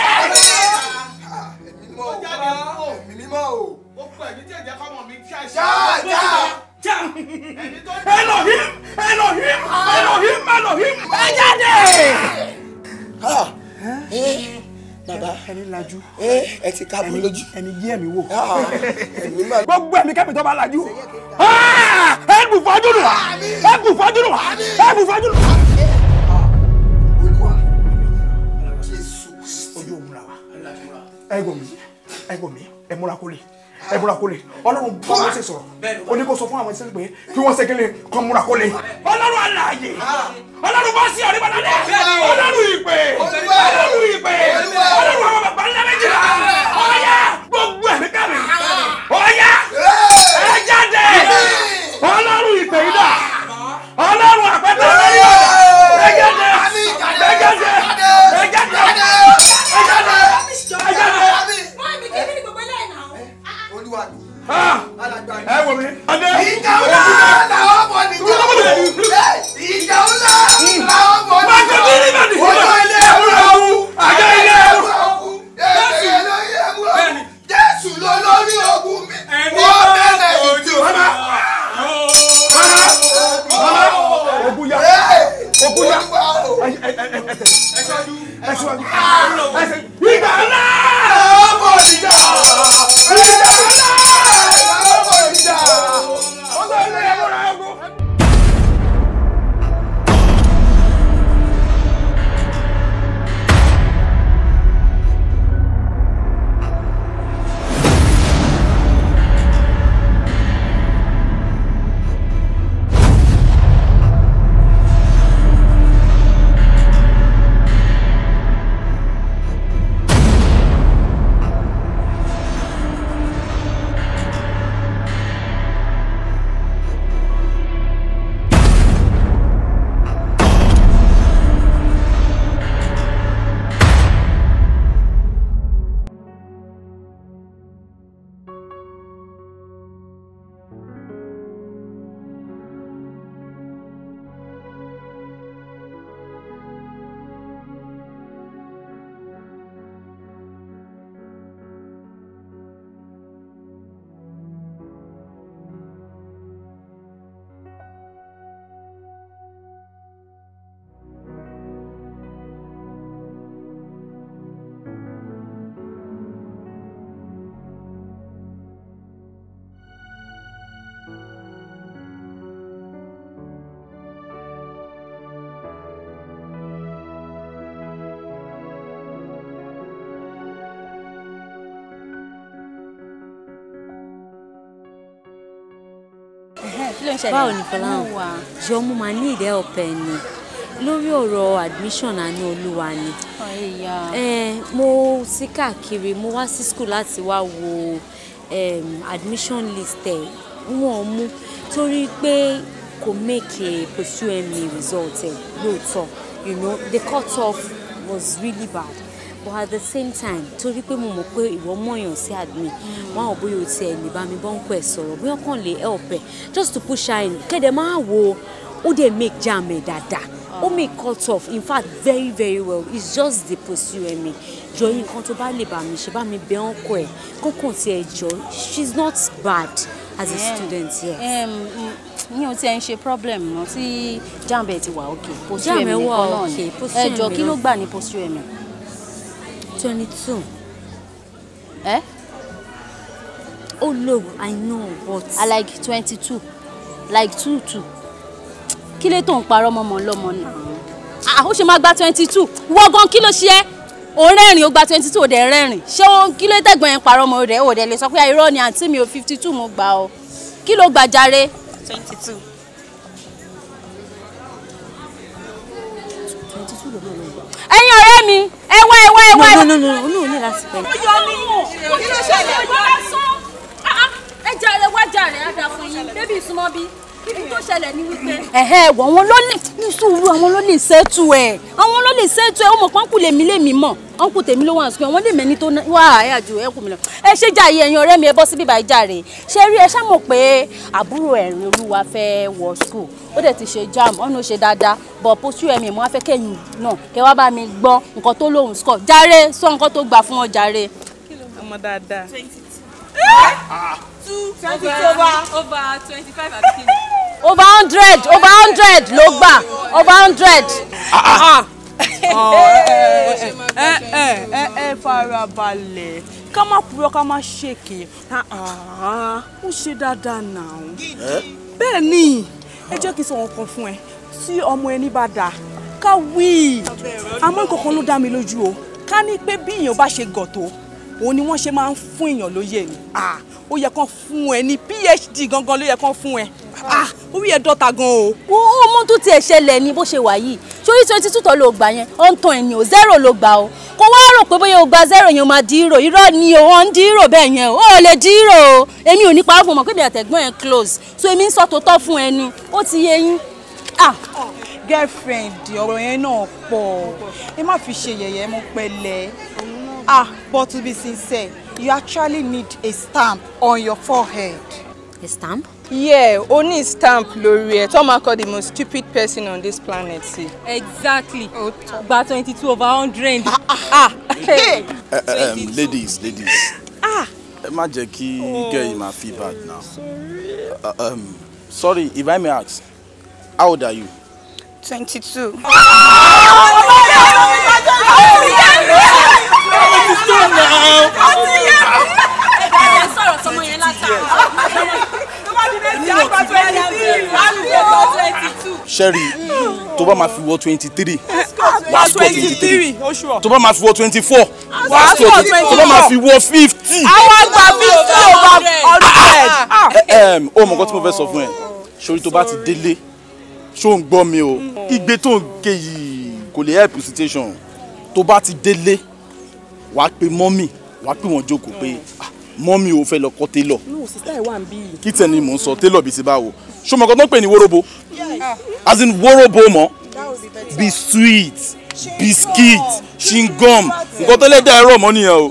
ẹ̀mí mímọ́ o ó pọ̀ ẹ̀mí tí ẹ̀jẹ̀ kọ́mọ mi kí àṣà ja Elohim Elohim Elohim Elohim ẹ jáde bàbá ẹni lajú ẹ ti káàbọ̀ lójú ẹni yí ah, ẹ̀mí wò gbogbo ẹ̀mí kẹ́mi tó bá lajú ah, ẹ bù fọ́dúnrún ẹ bù fọ́dúnrún ẹ bù fọ́dúnrún. Ah, ẹ gbọ́ mi ẹ gbọ́ mi ẹ múra kólé ẹ múra kólé ọlọ́run bọ́ wọn ṣe sọ̀rọ̀ ó ní kó sọ fún àwọn ìṣẹ́lẹ̀ pé kí wọ́n ṣe kí lè kọ́ múra kólé ọlọ́run alààyè ah. ọlọ́run bọ́ sí ọ̀rẹ́ bàtàlẹ́ ọlọ́run ìpè ọlọ́run ìpè ọlọ́run àwọn bàbá ńlá méjìlá ọ̀yà gbogbo ẹ̀mí kẹ́mi ẹ wò mí. ìjà ńlá làwọn bọ̀ nìjọba ìjà ńlá làwọn bọ̀ nìjọba ọjọ́ ilé ẹ̀wúrọ̀ ọ̀hún àjọ ilé ẹ̀wúrọ̀ ọ̀hún èsì lórí ẹ̀wúrọ̀ ọ̀hún jésù ló lórí ogun mi wọ́n bẹ̀rẹ̀ ìjọ. ogun ya ogun ya ẹ ẹ ẹ tẹ̀lé ẹ sọ ẹ sọ ìgbà ńlá làwọn bọ̀ nìjọba. kí ló ń ṣẹlẹ̀ báwo ni Fọláhàn jọ mo máa ní ìdẹ́ ọ̀pẹ ni lórí ọ̀rọ̀ admission àánú olúwa ni mo sí káàkiri mo wá sí school láti wá wo admission list ẹ̀ wọ́n mú torí pé kò make a pursue me result ẹ̀ lóòótọ́ you know the cut off was really bad but at the same time torí pé mo mọ̀ pé ìwọ mọ̀yàn sí admin mm. wọn ò bóyá o tiẹ̀ lè bá mi bọ́ ń kọ́ ẹ̀ sọ̀rọ̀ bóyá kàn lè help ẹ̀ just to push her in kéde máa wo ó dẹ̀ make jam ẹ̀ dáadáa ó ah. make cut off in fact very very well it's just the pursue me jọ yín nǹkan tó bá lè bá mi ṣe bá mi bẹ̀ ọ́n kọ́ ẹ̀ kókàn tiẹ̀ jọ she's not bad as a student yes. Um, mm ní o ti ẹ ń ṣe problem náà tí jambe ti wà òkè postu ẹ̀mí nìkan náà ni ẹ̀jọ̀ kí ló gbà ní postu ẹ̀mí twenty two eh? oh no, i know but. i like twenty two like two two kí lè tó ń parọ́ mọ́mọ́ lọ́mọ náà ah, ó ṣe máa gba twenty two wọ́gán kilo ló ṣe é ò rẹ́rìn ó gba twenty two ò dẹ̀ rẹ́rìn ṣé kí ló tẹ̀gbọ́n yẹn parọ́ mọ́ ò dẹ̀ lè sọ pé ah, irọ́ ni àǹtí mi ò fifty two mo gbà ọ́ kí ló gbà jàre. twenty two. ẹ̀yin ọ̀rẹ́ mi ẹ wá ẹ wá ẹ wá. no no no no ní láti pẹ̀lú. ó yọ ní ìwò kí ló ṣẹlẹ̀ ìwọ lásán ẹ jàre wá jàre á dà fún yín bébí ìsúnmọ́ bí tó ṣẹlẹ̀ ní wípé. ẹ̀hẹ́ wọ̀ wọn ló lè ní sùúrù àwọn ló lè ṣètù ẹ̀ àwọn ló lè ṣètù ẹ̀ ó mọ̀ pọ́n kù lèmi lèmi mọ̀ wọ́n kù tèmi ló wà sùn wọ́n lè mẹ́ni tó wà ẹ̀ àjò ẹ̀ kù mí lọ. ẹ ṣe jà yìí ẹ̀yin ọ̀rẹ́ mi ẹ bọ́ síbí báyìí jàre ṣe rí ẹ ṣá mọ̀ pé àbúrò ẹ̀rín olúwa fẹ́ wọ skul ó dẹ̀ ti ṣe jam ọ̀nà ó ṣe dáadáa bọ̀ pósú ẹ̀mí mo wá fẹ́ kẹ́yìn náà kẹ́ wá bá mi gbọ́ nǹkan tó lóhùn skọ̀ jàre sọ nǹkan tó gbà fún ọ jàre. ọmọ dáadáa two twenty over over twenty five àbí over hundred over hundred ló gbà over hundred. ẹ ẹ ẹ ẹ fara balẹ̀ ká má purọ́ ká má ṣèké ah, ah, ó ṣe dáadáa náà bẹ́ẹ̀ ni ẹ jẹ́ kí n sọ wọn kan fún ẹ tí ọmọ ẹni bá dáa ká wí àmọ́ ìkọ̀kan ló dá mi lójú o ká ní pé bí èèyàn bá ṣe gọ̀ tó òun ni wọ́n ṣe máa ń fún èèyàn lóye ni ah, ó yẹ kán fún ẹ ní phd gangan ló yẹ kán fún ẹ ah orí ẹ dọ́ta gan o. o ò mú tó tiẹ̀ ṣẹlẹ̀ ní bó ṣe wà yìí torí twenty two tọ́ ló gbà yẹn ó ń tan ẹ̀yìn o zero ló gbà o kó wá rò pé bóyá o gba zero yẹn o máa dírò irọ́ ni o wọ́n ń dírò bẹ́ẹ̀ yẹn o ò lè dírò o èmi ò ní parọ́ fún ọmọ pé mi àtẹ̀gbọ́n ẹ̀ close so èmi ń sọ tòótọ́ fún ẹ ni ó ti yé yín. Ah. girlfriend ọ̀rọ̀ yẹn náà pọ̀ ẹ má fi ṣe yẹ̀yẹ́ mọ́ pẹ̀lẹ́ ah but to be sincere you actually need a stamp on your forehead. A stamp? Yeah, only stamp lórí ẹ̀ are called the most stupid person on this planet See? Exactly. About twenty two over hundred. Ah! ah, ah. Hey! Uh, [LAUGHS] um, ladies, ladies. Ah! Ẹ Jackie girl yìí máa feel bad now. Sorry. Oh, uh, um, sorry, if I may ask, how old are you? twenty-two ó ti tó náà. ó ti yẹ ẹ̀dá ẹ̀ sọ̀rọ̀ sọmọ yẹn látàrà. sẹ́rí tó bá máa fi wọ twenty three wàá sọ twenty three tó bá máa fi wọ twenty four wàá sọ twenty four tó bá máa fi wọ fifty. àwọn àgbà fifty over hundred. ó ah, ah, eh, mọ̀ nǹkan tí mo fẹ́ sọ fún ẹ sori tó bá ti délé ṣó ń gbọ́ mi o igbe tó ń ké yìí kò lè help situation tó bá ti délé wàá pe mọ́mì wàá pè wọ́n jókòó pé ah, mọ́mì ò fẹ́ lọ kọ́ télọ̀. no sista ẹ̀ wà ń bí. kí tẹ̀ ni mò ń sọ télọ̀ bíi ti bá wò ṣọmọkàn tó ń pè ní wóróbo as in wóróbo mọ́ biscuit biscuit chewing-gum nǹkan tó lẹ́dà ẹ̀rọ mọ́ nìyẹn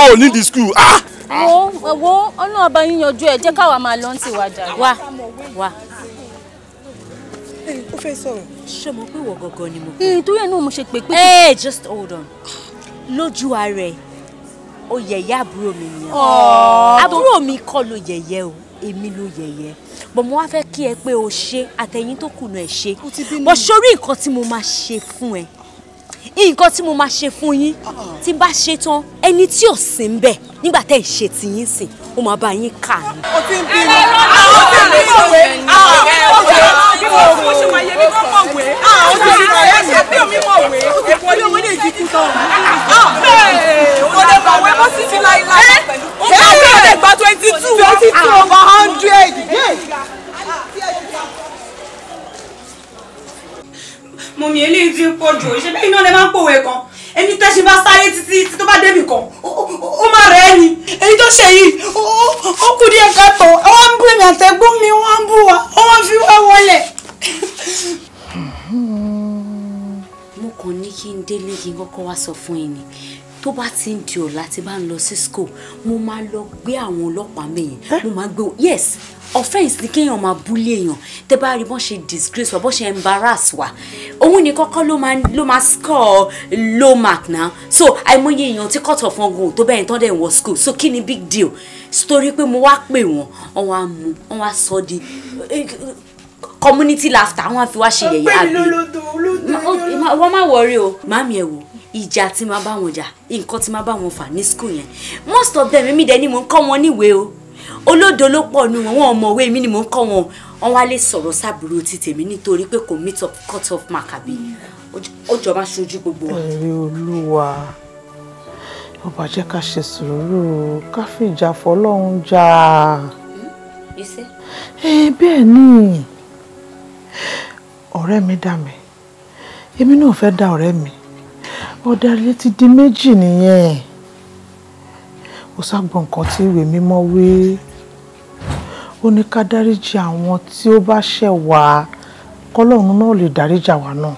o ò ní di school. wo wo ọlọ́run ọba yín yanjú ẹ̀ jẹ́ káwa máa lọ ní tiwa jà wá wá. ó fẹ́ sọ̀rọ̀. ṣé mo pé wọ gọ́gọ́ ni mo pè. torí ẹ̀ náà mo ṣe pé pé. ẹ just hold on lójú ara o ó yẹ̀yẹ́ àbúrò mi nìyẹn àbúrò mi kọ́ ló yẹ̀yẹ́ o èmi ló yẹ̀yẹ́ bọ̀ mo wá fẹ́ kí ẹ pé o ṣe àtẹ̀yìn tó kùnà ẹ̀ ṣe bọ̀ sórí nǹkan tí mo máa ṣe fún ẹ nǹkan tí mo máa ṣe fún yín tí n bá ṣe tán ẹni tí ò sí ń bẹ nígbà tẹ́ ẹ̀ ṣe ti yín sìn ó máa bá yín kà ní. o ti ń bínú o ti ń bínú òwe o ti ń bínú òwe mo ṣe máa yẹ mi kọ́ mọ̀ wé o ti ń bínú òwe ṣe bí omi mọ̀ wé èkó ni owó lè di kúta òun. o lè mọ̀ wé bó sì ti láyé láyé pẹ̀lú. o máa ń lò ó lè gba twenty two over hundred. mọ̀mí eléyìí ti pọ̀ jù ṣe bẹ́ẹ̀ iná lẹ máa ń pòwe kan ẹni tẹ́ ṣe bá sáré títí títí tó bá débi kan ó máa rẹ̀ ẹ́ ni. èyí tó ṣe yìí ó kù díẹ̀ káàtó wọ́n ń bú èmi àtẹ̀gbọ́n mi wọ́n ń bú wa wọ́n fi wá wọlé. mo kàn ní kí n délé kí n kọ́kọ́ wá sọ fún ẹ ni tó bá ti ń di ọ̀la tí bá ń lọ sí school mo máa lọ gbé àwọn ọlọ́pàá mẹ́yìn mo máa gbé yes offence ni kéèyàn máa búlé èèyàn tẹ bá rí bọ́n ṣe disgrace wa bọ́n ṣe embarrass wa òun ni kọ́kọ́ ló máa score low mark náà so àìmọye èèyàn tí cut off ọgùn tó bẹ́ẹ̀ tán dẹ̀ wọ school so kí ni big deal torí pé mo wá pè wọ́n wọ́n wá mú wọ́n wá sọ di eh, community laughter wọ́n á fi wá ṣe yẹ̀yẹ́ àbí wọ́n má wọrí o màmí ẹ̀ wò ìjà tí máa bá wọn jà nǹkan tí máa bá wọn fà ní school yẹn most of them èmi dẹ̀ ni mò ń kọ́ wọn níwèé o olódo ló pọ̀ nu wọn wọn ọmọwé mi ni mò ń kọ́ wọn wọn wá lè sọ̀rọ̀ sábúrò ti tèmi nítorí pé kò meet up cut off mark àbí ó máa ṣojú gbogbo wa. ẹ̀rí olúwa ọba jẹ́ ká ṣe sùúrù ká fìjà fọlọ́run jà. Hmm? bẹ́ẹ̀ ni ọ̀rẹ́ mi dà mí èmi náà fẹ́ dá ọ̀rẹ́ mi ọ̀dàlẹ̀ ti di méjì nìyẹn ó ságbọ́ nǹkan tí ìwé mímọ́ wí ó ní ká dáríjì àwọn tí ó bá ṣẹ̀ wá kọ́lọ́run náà lè dáríjì àwa náà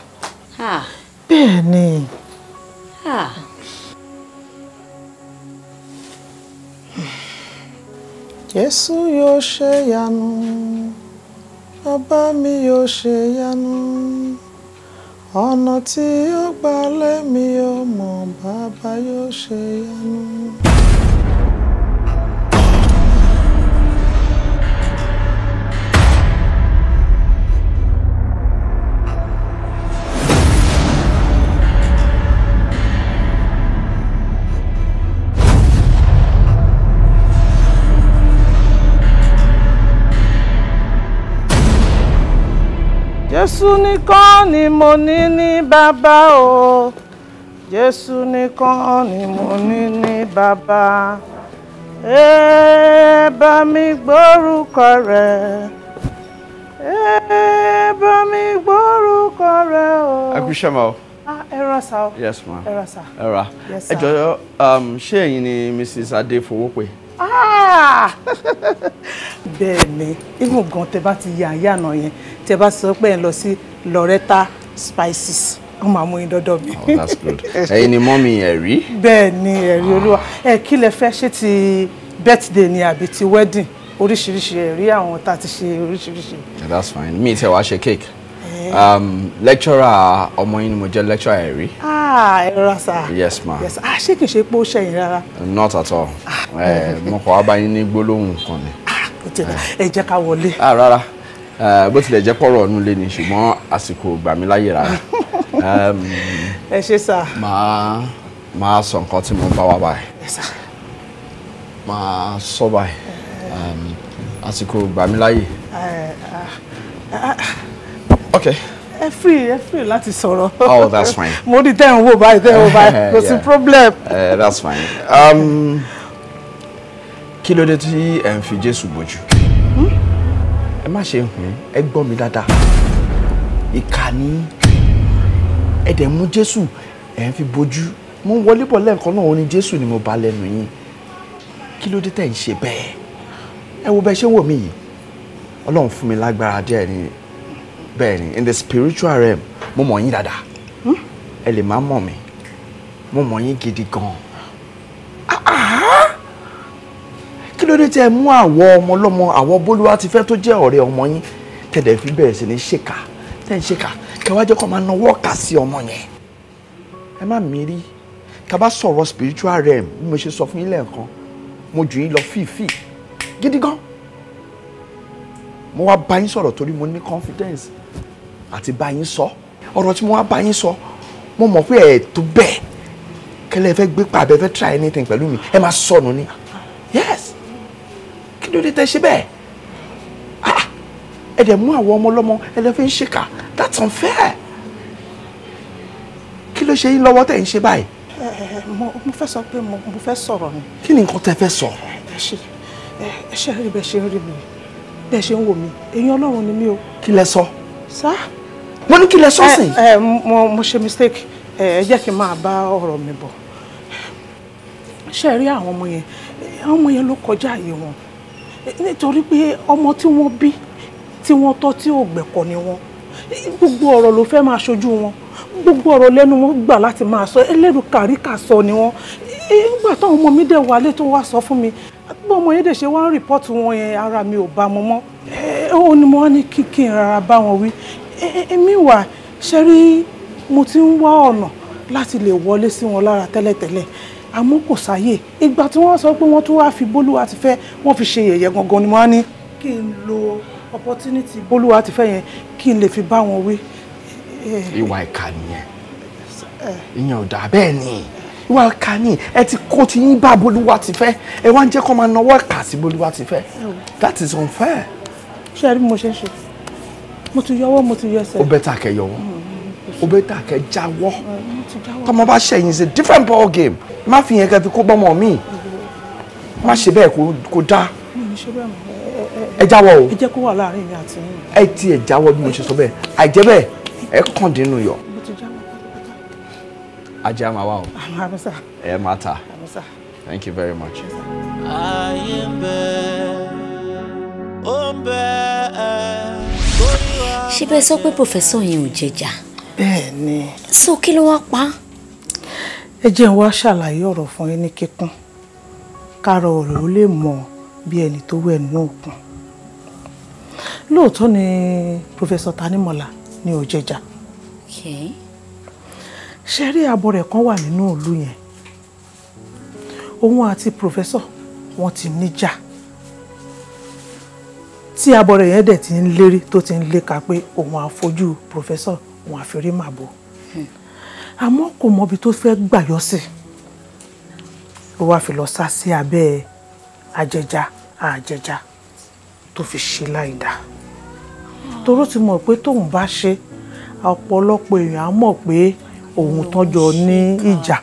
bẹ́ẹ̀ ni. Jésù yóò ṣe yanu bàbá mi yóò ṣe yanu ọ̀nà tí ó gbà lẹ́mìí ọmọ bàbá yóò ṣe yanu. jésù nìkan ni mo ní ní bàbá o jésù nìkan ni mo ní ní bàbá ẹ bá mi gbórúkọ rẹ̀ ẹ bá mi gbórúkọ rẹ̀ o. ma. o. ẹ rà sá o. yes ma Era sa. Era. Yes rà ẹ jọ̀ọ́ um, ṣé ẹ̀yin ni mrs adé fowó pé. ah [LAUGHS] bẹ́ẹ̀ ni even gan tẹ bá ti yà àyànà yẹn tẹ bá sọ pé ẹ lọ sí Loretta spices ó máa mú yín dọ́dọ̀ mi. oh that's good ẹ̀yin ni mọ́mí ẹ̀rí. [LAUGHS] bẹ́ẹ̀ ni ẹ̀rí olúwa ẹ kí lẹ fẹ́ ṣe ti birthday ni àbí ti wedding oríṣiríṣi ẹ̀rí àwọn tá a ti ṣe oríṣiríṣi. that's fine mi tẹ wá ṣe cake. Eh. Um, lecturer ọmọ yín ni mo jẹ́ lecturer ẹ̀ rí. ah ẹ rọra yes ma. yes ah ṣé kìí ṣe pé ó ṣẹ̀yìn rárá. not at all ah. eh, mo kọ́ abáyín ní gbólóhùn kan ni. ah kò tẹ̀lé eh. ẹ jẹ́ ká wọlé. ah rárá bó tilẹ̀ jẹ́ pọ̀rọ̀ ọ̀nù lé ni ṣùgbọ́n àsìkò gbà mí láyè rárá. [LAUGHS] Um, ẹ ṣe sá. màá màá sọ nǹkan tí mo bá wá báyìí. màá sọ báyìí um, àsìkò gbà mí láyè. Ah, ah, okay ẹ free ẹ free láti sọ̀rọ̀. oh that's fine. [LAUGHS] mo di tẹ́ ń wò báyìí tẹ́ ń wò báyìí [LAUGHS] kò sí problem. Uh, that's fine. Um, kí ló dé tí ẹ ń fi jésù bójú. Hmm? ẹ má ṣe hùn ẹ gbọ́ mi dáadáa ìkà ẹ dẹ̀ mú jésù ẹ ń fi bójú mo ń wọlé bọ̀ lẹ́ẹ̀kan náà ó ní jésù ni mo bá lẹ́nu yín kí ló dé tẹ̀ ń ṣe bẹ́ẹ̀ ẹ wo bẹ́ẹ̀ ṣé wò mí yìí ọlọ́run fún mi lágbára díẹ̀ nìyẹn bẹ́ẹ̀ni in the spiritual realm mo mọ̀ yín dáadáa hmm? ẹ lè má mọ̀ mi mo mọ̀ yín gidi gan kí ló dé tẹ mú àwọ ọmọlọ́mọ àwọ bólúwa ti fẹ́ tó jẹ́ ọ̀rẹ́ ọmọ yín tẹ̀dẹ̀ fi bẹ̀rẹ̀ sí ní ṣèkà tẹ̀ ń ṣèkà kẹwàájẹ́ kọ́ máa nawọ́ ọ̀kà sí ọmọ yẹn ẹ má mi rí ká sọ̀rọ̀ spiritual realm bí mo ṣe sọ fún yín lẹ́ẹ̀kan mo jù yín lọ fífì gidi gan mo wá bá yín sọ̀rọ̀ torí mo ní confidence àti bá yín sọ ọ̀rọ̀ tí mo wá bá yín sọ mo mọ̀ pé ẹ̀ tó bẹ́ẹ̀ kẹlẹ́ fẹ́ gbé pàbẹ́ fẹ́ try anything pẹ̀lú mi ẹ máa sọnù ni yes kí ló dé tẹ́ ṣe bẹ́ẹ̀ ah, ẹ dẹ̀ mú àwọn ọmọ ọlọ́mọ ẹ lè fi ń ṣèkà that's unfair kí ló ṣe yín lọ́wọ́ tẹ̀ ń ṣe báyìí. mo fẹ́ sọ pé mo fẹ́ sọ̀rọ̀ ni. kí ni nǹkan tẹ́ fẹ́ sọ. ẹ ṣe ẹ ṣe rí bẹ́ẹ̀ ṣe ń rí mi bẹ́ẹ̀ ṣe ń wò mí èèyàn ọlọ́run ni mí o. kí lẹ sọ. sá. So? mo ní kí lẹ sọ́sìn. Eh, ẹ eh, ẹ mo mo ṣe mistake eh, ẹ jẹ́ kí n máa bá ọ̀rọ̀ mi bọ̀ ṣe rí àwọn ọmọ yẹn àwọn ọmọ yẹn ló kọjá àyè wọn nítorí pé ọmọ tí wọ́n bí tí wọ́n tọ́ tí ò gbẹ̀kọ́ ni wọ́n gbogbo ọ̀rọ̀ ló fẹ́ máa ṣojú wọn gbogbo ọ̀rọ̀ lẹ́nu wọn gbà láti máa sọ ẹlẹ́rù kàríkà sọ ni wọn nígbà táwọn ọmọ mi dẹ̀ wálé tó wá sọ fún mi bọ́ ọmọ yẹn dẹ̀ ṣe wá ń rìpọ́ọ̀tù wọn yẹn ara mi ò bá mọ́ mọ́ ó ní mo wá ní kíkì rárá bá wọn wí èmi wà ṣe rí mo ti ń wá ọ̀nà láti lè wọlé sí wọn lára tẹ́lẹ̀tẹ́lẹ̀ àmọ́ kò sáyè ìgbà tí wọ́n sọ pé wọ́n tún wá fi bólúwa ti fẹ́ wọ́n fi ṣe yẹ̀yẹ́ gangan ni wọ́n á ní kí n lo opportunity bólúwa ti fẹ́ yẹn kí n lè fi bá wọn wí. ìwà ìkà nìyẹn ìyẹn ò dáa bẹ́ẹ̀ ni ìwà ìkà ni ẹ ti kó ti yín bá bólúwa ti fẹ́ ẹ wá ń jẹ́ kó máa nawọ́ ìkà sí bólúwa ti fẹ́ that is unfair. ṣé ẹ rí mo ṣe ń ṣe mo ti yọwọ́ mo ti yẹsẹ̀. ó bẹ́tà kẹ́ yọwọ́ mm, mm, ó bẹ́tà kẹ́ mm, jáwọ́ tọmọ bá ṣẹ̀yìn sí different ball game má fi yẹn kẹ́ fi kó bọ́mọ mi má ṣe bẹ́ẹ̀ kó dá ẹ jáwọ́ o ẹ jẹ́ kó wà láàrin mi àti yín. ẹ ti ẹ jáwọ́ bí mo ṣe sọ bẹ́ẹ̀ àìjẹ́ bẹ́ẹ̀ ẹ kàn dínú yọ. ajé àmà wa o ẹ máa ta thank you very much. ayé ń bẹ ó ń bẹ ẹ ṣé bẹ́ẹ̀ sọ pé pòfẹ́sọ̀ yẹn ò jẹjà. bẹ́ẹ̀ so kí ló wá pa á. ẹ jẹ́ n wá ṣàlàyé ọ̀rọ̀ fún yín ní kíkún káàrọ̀ ọ̀rọ̀ ó lè mọ̀ bí ẹni tó wẹ̀ nínú òkun. lóòótọ́ ni pòfẹ́sọ̀ Tanímọ̀lá ni ò jẹjà. ṣe rí abọ rẹ̀ kan wà nínú ìlú yẹn òun àti pòfẹ́sọ̀ wọ́n ti níjà tí abọrẹ̀ yẹn dẹ̀ ti ń lérí tó ti ń léka pé òun àfojú pòfẹ́sọ̀ òun àfẹ́rí màbo hmm. àmọ́ kò mọbi tó fẹ́ gbàyọ sí ó wá fi lọ sá sí abẹ́ ajẹja àjẹja tó fi ṣe láìda toró ti mọ̀ pé tóun bá ṣe ọ̀pọ̀lọpọ̀ èèyàn á mọ̀ pé òun tọ́jọ́ ní ìjà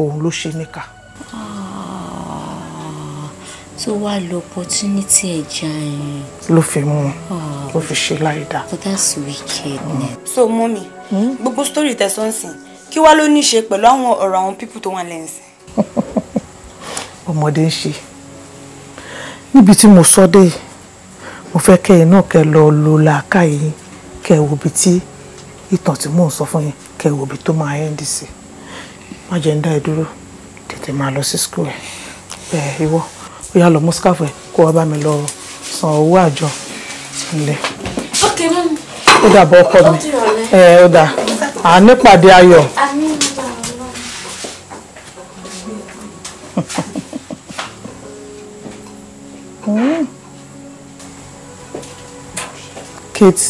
òun ló ṣe níkà tó wá lo opportunity ẹja yẹn. ló fi mú wọn ló ah. fi ṣe láì but that's wicked. Mm. so mọ́mi hmm? gbogbo story tẹ̀sán sìn kí wá ló ní í ṣe pẹ̀lú àwọn ọ̀rọ̀ àwọn pípù tó wà lẹ́sìn. [LAUGHS] ọmọdé ń ṣe níbi tí mo sọ dé mo fẹ́ kẹ́ ẹ̀ náà kẹ́ lọ lo làákàyè yín kẹ́ ẹ wo ibi tí ìtàn tí mò ń sọ fún yín kẹ́ ẹ wo ibi tó máa end sí má jẹ́ ń ẹ dúró tètè máa lọ sí school ẹ̀ bẹ́ẹ̀ ìwọ ó yá lọ mú scarf ẹ kó wá bá mi lọ san owó àjọ ilé. ó dàbọ̀ ọkọ mi ó dà á nípàdé ayọ̀. [LAUGHS] Hmm. Kate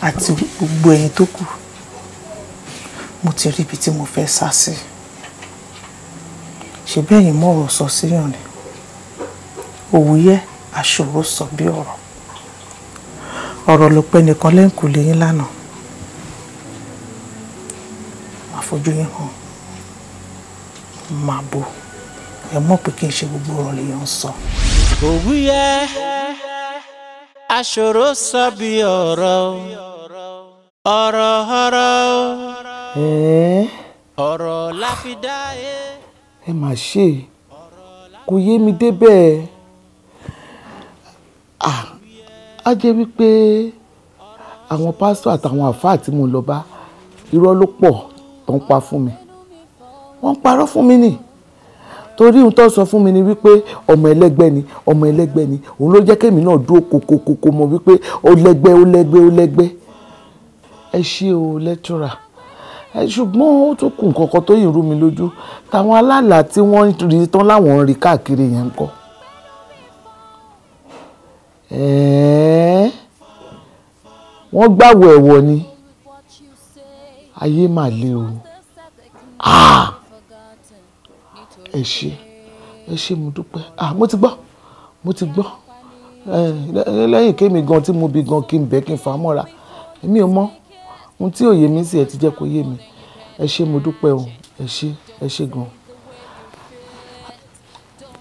àti gbogbo ẹ̀yin tó kù mo ti rí ibi tí mo fẹ́ sá sí. Si ṣe bẹ́ẹ̀ yìí mọ̀rọ̀ sọ síyàn ni òwúyẹ aṣòro sọ bí ọ̀rọ̀ ọ̀rọ̀ ló pẹ́ nìkan lẹ́ǹkù lẹ́yìn lánàá máa fojú yín hàn máa bo ẹ mọ̀ pé kí n ṣe gbogbo ọ̀rọ̀ lèèyàn sọ. òwúyẹ aṣòro sọ bí ọ̀rọ̀ ọ̀rọ̀ ọ̀rọ̀ ọ̀rọ̀ la dá ẹ. E ẹ mà ṣe kò yé mi débẹ̀ á jẹ́ wípé àwọn pásítọ̀ àtàwọn àfáà tí mo lọ bá irọ́ ló pọ̀ tó ń pa fún mi wọ́n ń parọ́ fún mi nì torí ohun tó sọ fún mi ni wípé ọmọ ẹlẹ́gbẹ́ ni ọmọ ẹlẹ́gbẹ́ ni òun ló jẹ́ kémi náà dúró kokokoko mọ̀ wípé ó lẹ́gbẹ́ ó lẹ́gbẹ́ ó lẹ́gbẹ́ ẹ ṣé o lẹ́tọ́ra ṣùgbọ́n ó tún kù nǹkan kan tó yìn rú mi lójú táwọn alálàá tí wọ́n ń rí tán láwọn ń rí káàkiri yẹn ń kọ́. wọ́n gbàwọ̀ ẹ̀wọ̀ ni ayé mà le o ẹ ṣé ẹ ṣé mo dúpẹ́ mo ti gbọ́ mo ti gbọ́ lẹ́yìn kémi gan tí mo bi gan kí n bẹ́ kí n fà mọ́ra èmi ò mọ̀ ohun tí òye mi sì ẹ ti jẹ́ kó yé mi ẹ ṣé mo dúpẹ́ o ẹ ṣé ẹ ṣé gan.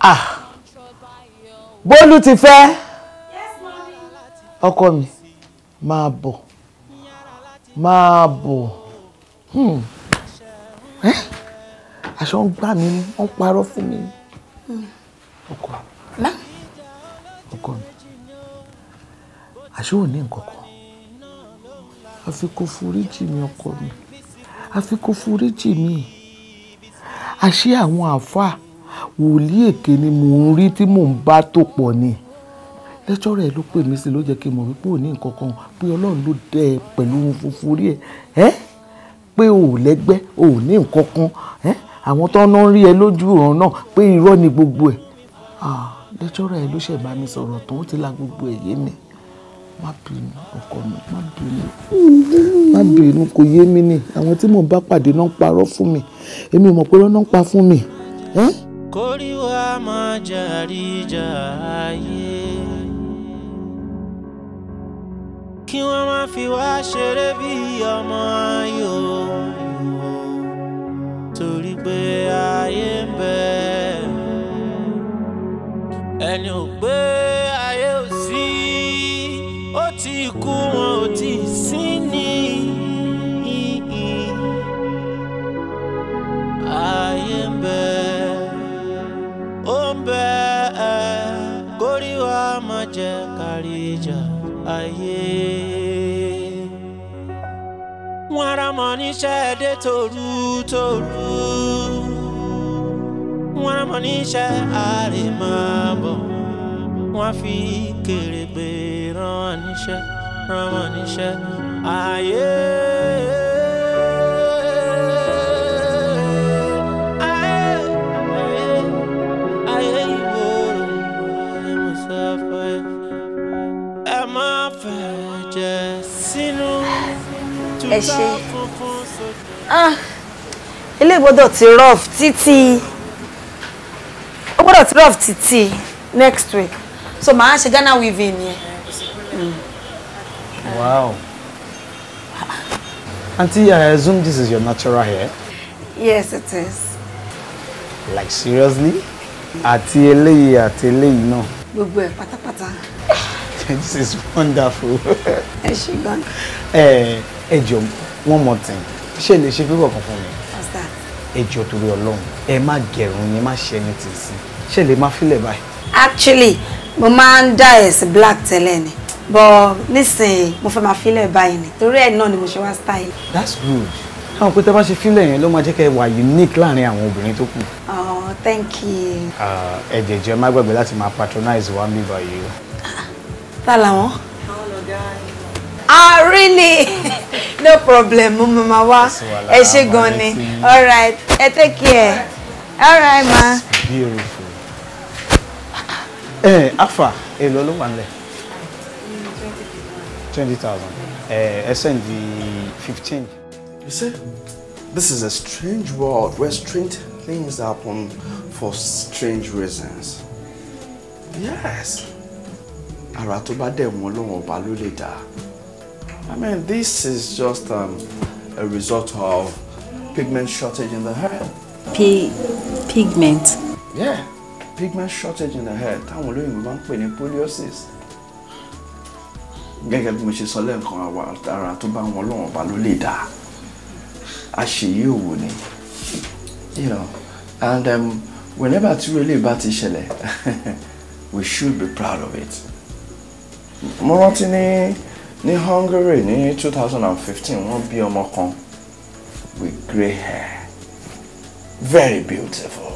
ah bólú ti fẹ́ ọkọ mi máa bọ̀ máa bọ̀ hmm. aṣọ ń gbà mí wọ́n parọ́ fún mi ọkọ ọkọ mi aṣọ ò ní nǹkan kan àfi kó foríjì mi ọkọ mi àfi kó foríjì mi àṣé àwọn àáfàá wòlíì èké ni mò ń rí tí mò ń bá tó pọ̀ ni lẹ́jọ́ rẹ̀ ló pè mí sí ló jẹ́ kí n mọ̀ wípé ò ní nǹkan kan pé ọlọ́run ló dẹ ẹ pẹ̀lú ohun funfun rí ẹ ẹ pé ò lẹ́gbẹ́ ò ní nǹkan kan ẹ àwọn tó ń rí ẹ lójú ọ̀ràn náà pé irọ́ ni gbogbo ẹ̀ lẹ́jọ́ rẹ̀ ló ṣẹ̀ bá mi sọ̀rọ̀ tó ti la gbogbo ẹ̀ yé mi má bínú ọkọ mi má bínú má bínú kò yé mi ni àwọn tí mò ń bá pàdé náà ń parọ́ fún mi èmi mọ̀ pé lọ́nà ń pa fún mi. kórìíwá máa jàrí jà ayé kí wọ́n máa fi wá ṣeré bí ọmọ ayò torí pé ayé ń bẹ ẹni ò gbé ayé. alija ayé wọ́n ara mọ̀ níṣẹ́ tòru tòru wọ́n ara mọ̀ níṣẹ́ àárẹ máa bọ̀ ramani fi kèrègbè rán níṣẹ́ ayé. ẹ ṣe ah, ilé gbọ́dọ̀ ti rough títí ó gbọ́dọ̀ ti rough títí next week so màá ṣe Ghana weaving yẹn. Hmm. wow aunty I assume this is your natural hair. yes it is. like seriously àti eléyìí àti eléyìí náà. gbogbo ẹ pátápátá. [LAUGHS] this is wonderful. ẹ ṣe gan. [LAUGHS] Eh, ẹ jọ one more thing ṣé lè ṣe fífọ̀ kan fún mi. ẹ jọ torí ọlọ́run ẹ má gẹ̀rùn ni má ṣe ẹni tì sí ṣé lè má fílẹ̀ báyìí. actually mo máa ń dá ẹ̀sìn black tẹ́lẹ̀ ni but nísìnyí mo fẹ́ máa fílẹ̀ báyìí ni torí ẹ̀ náà ni mo ṣe wá style. that's good àwọn pé tẹ́ bá ṣe fílẹ̀ yẹn ló máa jẹ́ kẹ́ wà unique láàrin àwọn obìnrin tó kù. oh thank you. Ah, ẹ̀jẹ̀ jẹ́ má gbàgbé láti máa patronize wa mi báyìí o. tá a làwọn ah really [LAUGHS] no problem mama wa ẹ ṣé gan ni all right ẹ take care all right ma. beautiful ẹ eh, afa èlò ló wà nílẹ̀ twenty thousand ẹ eh, ẹ send the fifteen. you see this is a strange world where strange things happen for strange reasons yes ara tó bá dẹ̀ mọ́ lọ́wọ́ ọba ló lè dáa. I mean, this is just um, a result of pigment shortage in the hair. P pigment? Yeah, pigment shortage in the hair. Táwọn olóyìnbó máa ń pè poliosis. Gengel bí mo ṣe sọ lẹ́ẹ̀kan àwa ara tó bá wọn lọ́wọ́ ọba ló lè dá. Àṣeyí òwò ni. You know, and um, whenever tí rẹ̀ bá ti ṣẹlẹ̀, [LAUGHS] we should be proud of it. Mo rántí ní ní Hungary ní 2015 wọ́n bí ọmọ kan with grey hair very beautiful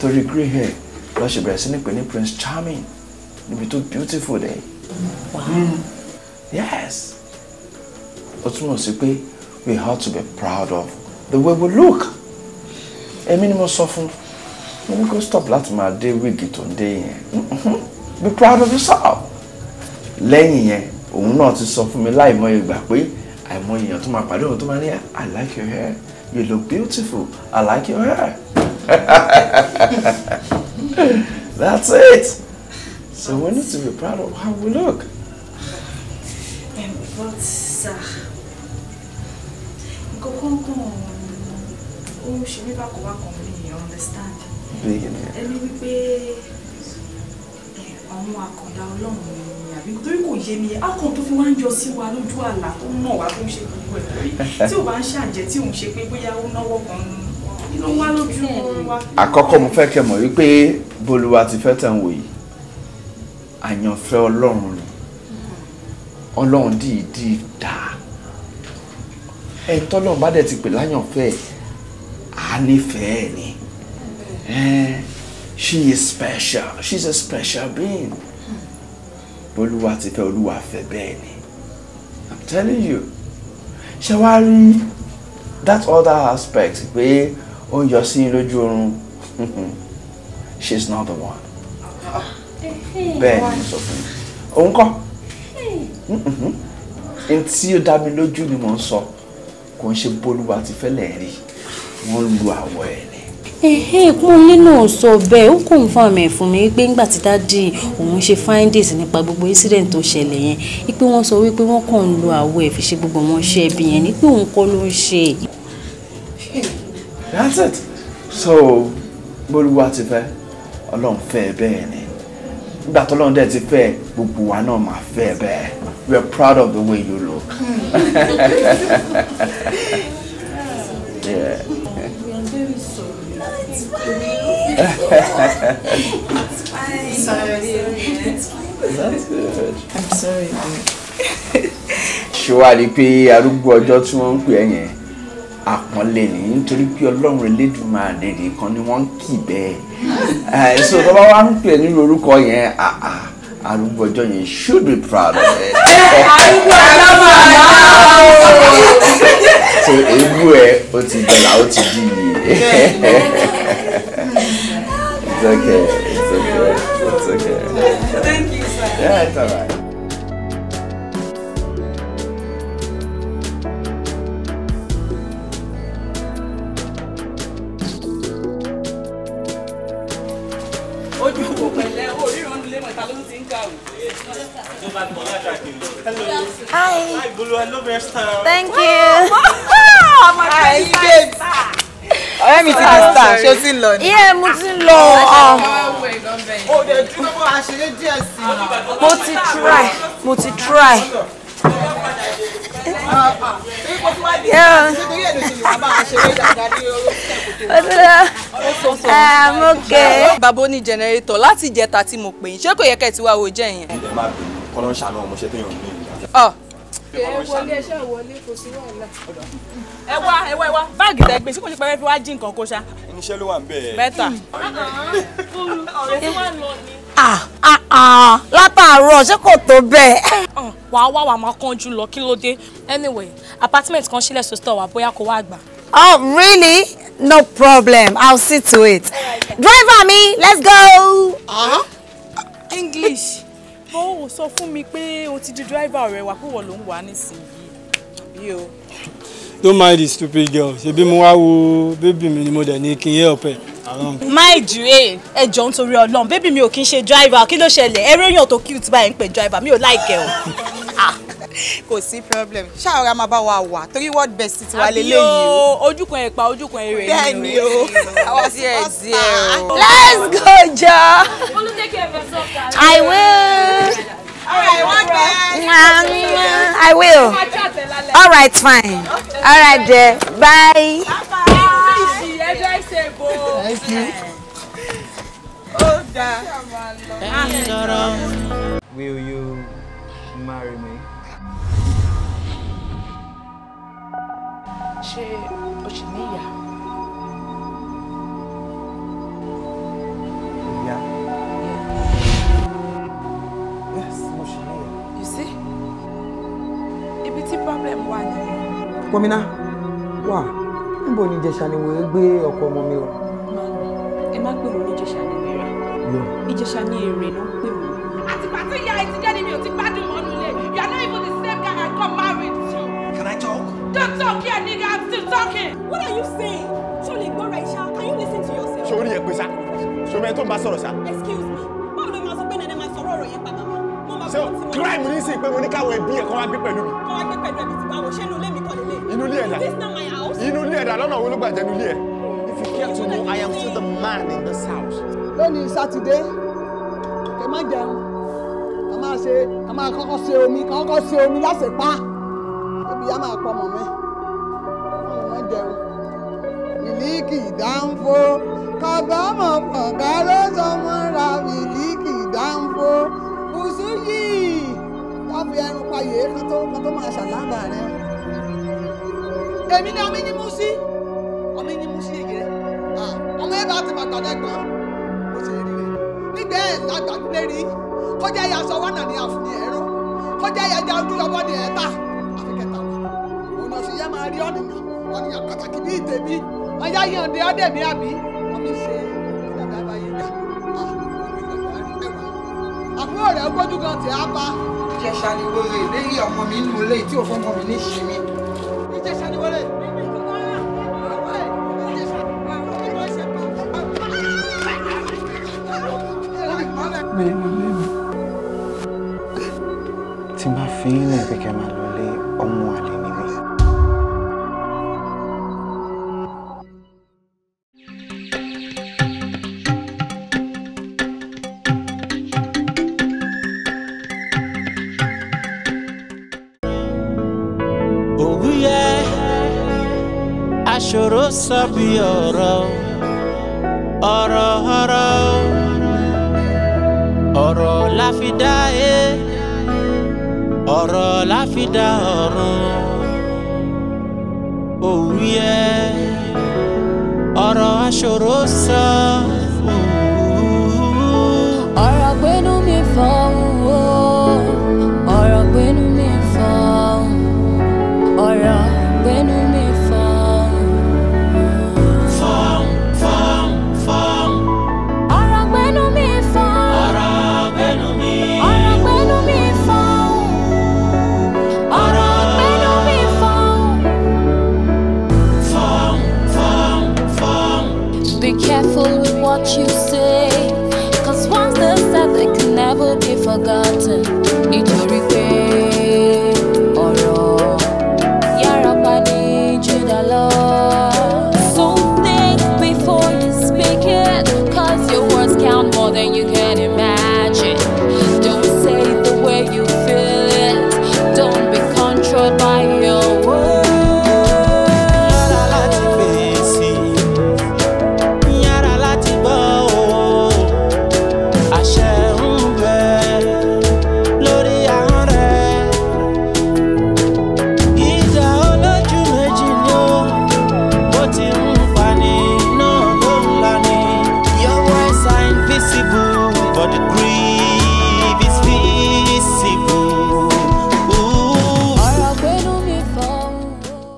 torí grey hair lọ ṣe bẹ̀rẹ̀ sí ní pè ní Prince Charming níbi tó beautiful dẹ̀ wow. yes ó túmọ̀ sí pé we have to be proud of the way we look èmi ni mo sọ fún mo ní kó stop láti máa dé wíìgì tó ń dé yẹn mm-hmm. be proud of yourself lẹ́yìn yẹn òun náà ti sọ fún mi láìmọye ìgbà pé àìmọye èèyàn tó máa pàdé òun tó máa ní ah, i like your hair you look beautiful i like your hair [LAUGHS] that's it so we need to be proud of how we look. Um, but sir nǹkan kan kan ó ń ṣe mí bákan bákan mi you understand. ẹni wípé eh, àwọn àkàndá ọlọ́run ni àbí torí kò yé mi akọ tó fi wá ń jọ sí wa lójú àlá tó mọ̀ wá tó ń ṣe gbogbo ẹ̀ [LAUGHS] tí ò bá ń ṣàjẹ́ tí ò ṣe pé bóyá ó náwó kan ló wá lójú wa. àkọ́kọ́ mo fẹ́ kẹ́ mọ̀ wípé bolúwa ti fẹ́ tẹ̀ ń wò yìí àyànfẹ́ ọlọ́run ni ọlọ́run dìídì dá ẹ tọ́lọ́run bá dẹ̀ ti pè láyànfẹ́ à ni she is special she is a special being bọ́lúwa ti fẹ́ olúwa fẹ́ bẹ́ẹ̀ ni i'm telling you ṣé wàá rí that other aspect pé ó ń yọ sí lójú oorun [LAUGHS] she's not the one bẹ́ẹ̀ ni sọ fún mi òun kọ́ mm-hmm. n tí ó dá mi lójú ni mò ń sọ kò ń ṣe bọ́lúwa ti fẹ́ lẹ́ẹ̀rí wọ́n lu àwọ̀ ẹ̀ ni ẹ̀hẹ́ ìkúnlé sọ bẹ́ẹ̀ ó kò ń fún àmì ẹ̀fún mi wípé ńgbà tí dáàdì òun ṣe findings nípa gbogbo incident tó ṣẹlẹ̀ yẹn wípé wọ́n sọ wípé wọ́n kàn ń lo àwọ̀ ẹ̀ fi ṣe gbogbo wọn ṣe ẹbí yẹn ni pé òun kọ́ ló ń ṣe. that's it so bólúwa ti fẹ́ ọlọ́run fẹ́ bẹ́ẹ̀ ni nígbà tó lọ́run dẹ̀ ti fẹ́ gbogbo wa náà máa fẹ́ bẹ́ẹ̀ we are proud of the way you look. [LAUGHS] yeah it's fine. Sorry. It's fine. That's good. I'm sorry. Show wàá rí i pé arúgbó ọjọ́ tí wọ́n ń I'm ẹ́ yẹn àpọ́nlé ni nítorí related ọlọ́run elédùnmáàdé nìkan ni wọ́n ń kì bẹ́ẹ̀ so tó bá wá ń pè ní orúkọ yẹn arúgbó ọjọ́ yẹn should be proud of it. arúgbó ọlọ́mọ náà. so ewu ẹ o ti gbọ́dọ̀ o ti di iye. it's okay. It's okay. It's okay. Thank you, sir. Yeah, it's alright. Hi. Hi, Bulu. I love your style. Thank you. Oh, my Hi, babe. ọ̀rẹ́ mi ti di ah, star ṣé o ti ń lọ ni. iye mo ti ń lọ. o dẹ̀ dúró bó a ṣe lé mo ti try mo ti try. I'm okay. Bàbá oní jẹnẹrétọ̀ láti ìjẹta tí mo pè yín, ṣé kò yẹ kẹ́ ẹ̀ tí wàá wo jẹ́ yẹn? Ẹ máa bẹ̀rù kọ́lọ́ ń ṣàánú ọmọ iṣẹ́ tó yàn ní Ẹ wọlé wọlé kò sí wàhálà ẹ wá ẹ wá ẹ wá báàgì tẹ gbé sí kò ṣe pé fi wá jí nǹkan kó ṣá. oníṣẹ́ ló wà ń bẹ̀ ẹ́. bẹ́tà. ọ̀rẹ́ tí wọ́n lọ ni. ah ah ah látàárọ̀ ṣé kò tó bẹ́ẹ̀. wà á wá wà máa kánjú lọ kí ló dé anyway apartment kan sílẹ̀ sọ́tọ̀ wà bóyá kó wá gbà. oh really no problem i'll see to it driver mi let's go. Uh-huh. english bó o sọ fún mi pé o ti di driver rẹ wà pé wọ́n ló ń wà nísìnyí bí o don't mind the stupid girl ṣebí mo wá wo bébì mi ni mo dẹ̀ ní kí n help ẹ̀ along. mind you eh, ẹ ẹ jọ nítorí Ọlọ́run bébì mi ò kí n ṣe driver kí ló ṣẹlẹ̀ ẹ réyàn tó cute báyìí ń pè driver mi ò láìkẹ́ o. [LAUGHS] Ah. kò sí problem ṣáàrà máa bá wa wà torí world best ti wà lélẹ́yìí o. àbí o ojúkan ẹ̀ pa ojúkan ẹ̀ rẹ̀ ni o. bẹ́ẹ̀ni o àwọn [LAUGHS] díẹ̀ díẹ̀ o. let's go jọ. olùdókè ẹ̀fẹ̀ sọ̀tà. i will. I will. All right, fine. All right, dear. Bye. Thank you. Will you marry me? She. o ṣì ní problem wà nìyẹn. pọ́mínà wà níbo ni ìjẹ̀ṣà ni wòye gbé ọkọ ọmọ mi o. ẹ má pè ní ìjẹ̀ṣà ni wèrè ìjẹ̀ṣà ni èrè ló ń pè mí. àtìgbà tí ìyá ẹ ti jẹ́ ni mi gbádùn mọ́nú ilé you are not even the same guy I got married to. Can I talk? Don't talk here, nigga. I'm still talking. What are you saying? Surely, go right, Sha. Can you listen to yourself? Sori ẹ pé sá. Sori ẹ tó ń bá sọ̀rọ̀ sá. Excuse me. Báwo ló máa sọ pé Nene máa sọ̀rọ̀ ọ̀rọ̀ yẹn pàtàkì? Mo máa bọ̀ crime ní sìn pé mo ní káwọn ẹbí ẹ̀ kọ́ pẹ̀lú ẹbí ti báwo ṣé inú ilé mi kọ́ lélẹ̀. inú ilé ẹ̀dá inú ilé ẹ̀dá lọ́nà wo ló gbà jẹ́ inú ilé ẹ̀. if you care to know I am still the man in this house. lónìí sátidé kẹ má jẹun a máa ṣe a máa kọ́kọ́ ṣe omi kọ́kọ́ ṣe omi láṣẹ pa ebi a máa pọ ọmọ mi ọmọ jẹun mílíkì ìdánfó kábàámọ̀ pọ̀ká ló sọ mọ́ra mílíkì ìdánfó bùsùn yìí ká fi ẹrun payè ká tó ká tó máa ṣàlábà rẹ. èmi ni ọmọ yín mú sí ọmọ yín mú sí èyí rẹ ọmọ yẹn bá ti bàtà lẹ́gbọ̀n ó ṣe rí rẹ. nígbà ẹ̀ lágbàdúlé rí kọjá ẹ̀yà aṣọ wánà ní àfúnni ẹ̀rọ kọjá ẹ̀yà ajá ojú ọwọ́ ni ẹ̀ ta àfi kẹta wà. ònà sì yẹ máa rí ọ̀nìyàn ọ̀nìyàn pàtàkì bíi tèmi ọ̀yá yàn dé ọ̀dẹ̀mí àbí ọmọ ìṣe ìdàgbà báyìí dá àbúrò rẹ̀ gbójú kan tì á pa ìjẹ̀ṣà ni wèrè lérí ọmọ mi nù lé tí òfin ọmọ mi ní ìsinmi ìjẹ̀ṣà ni wọlé. mi ò lè mọ̀ tí n bá fi ń lẹ̀ pé máa lọ. bí ọ̀rọ̀ ọ̀rọ̀ ọ̀rọ̀ ọ̀rọ̀ la fi dá e ọ̀rọ̀ la fi dá ọ̀run òwú yẹ ọ̀rọ̀ aṣòro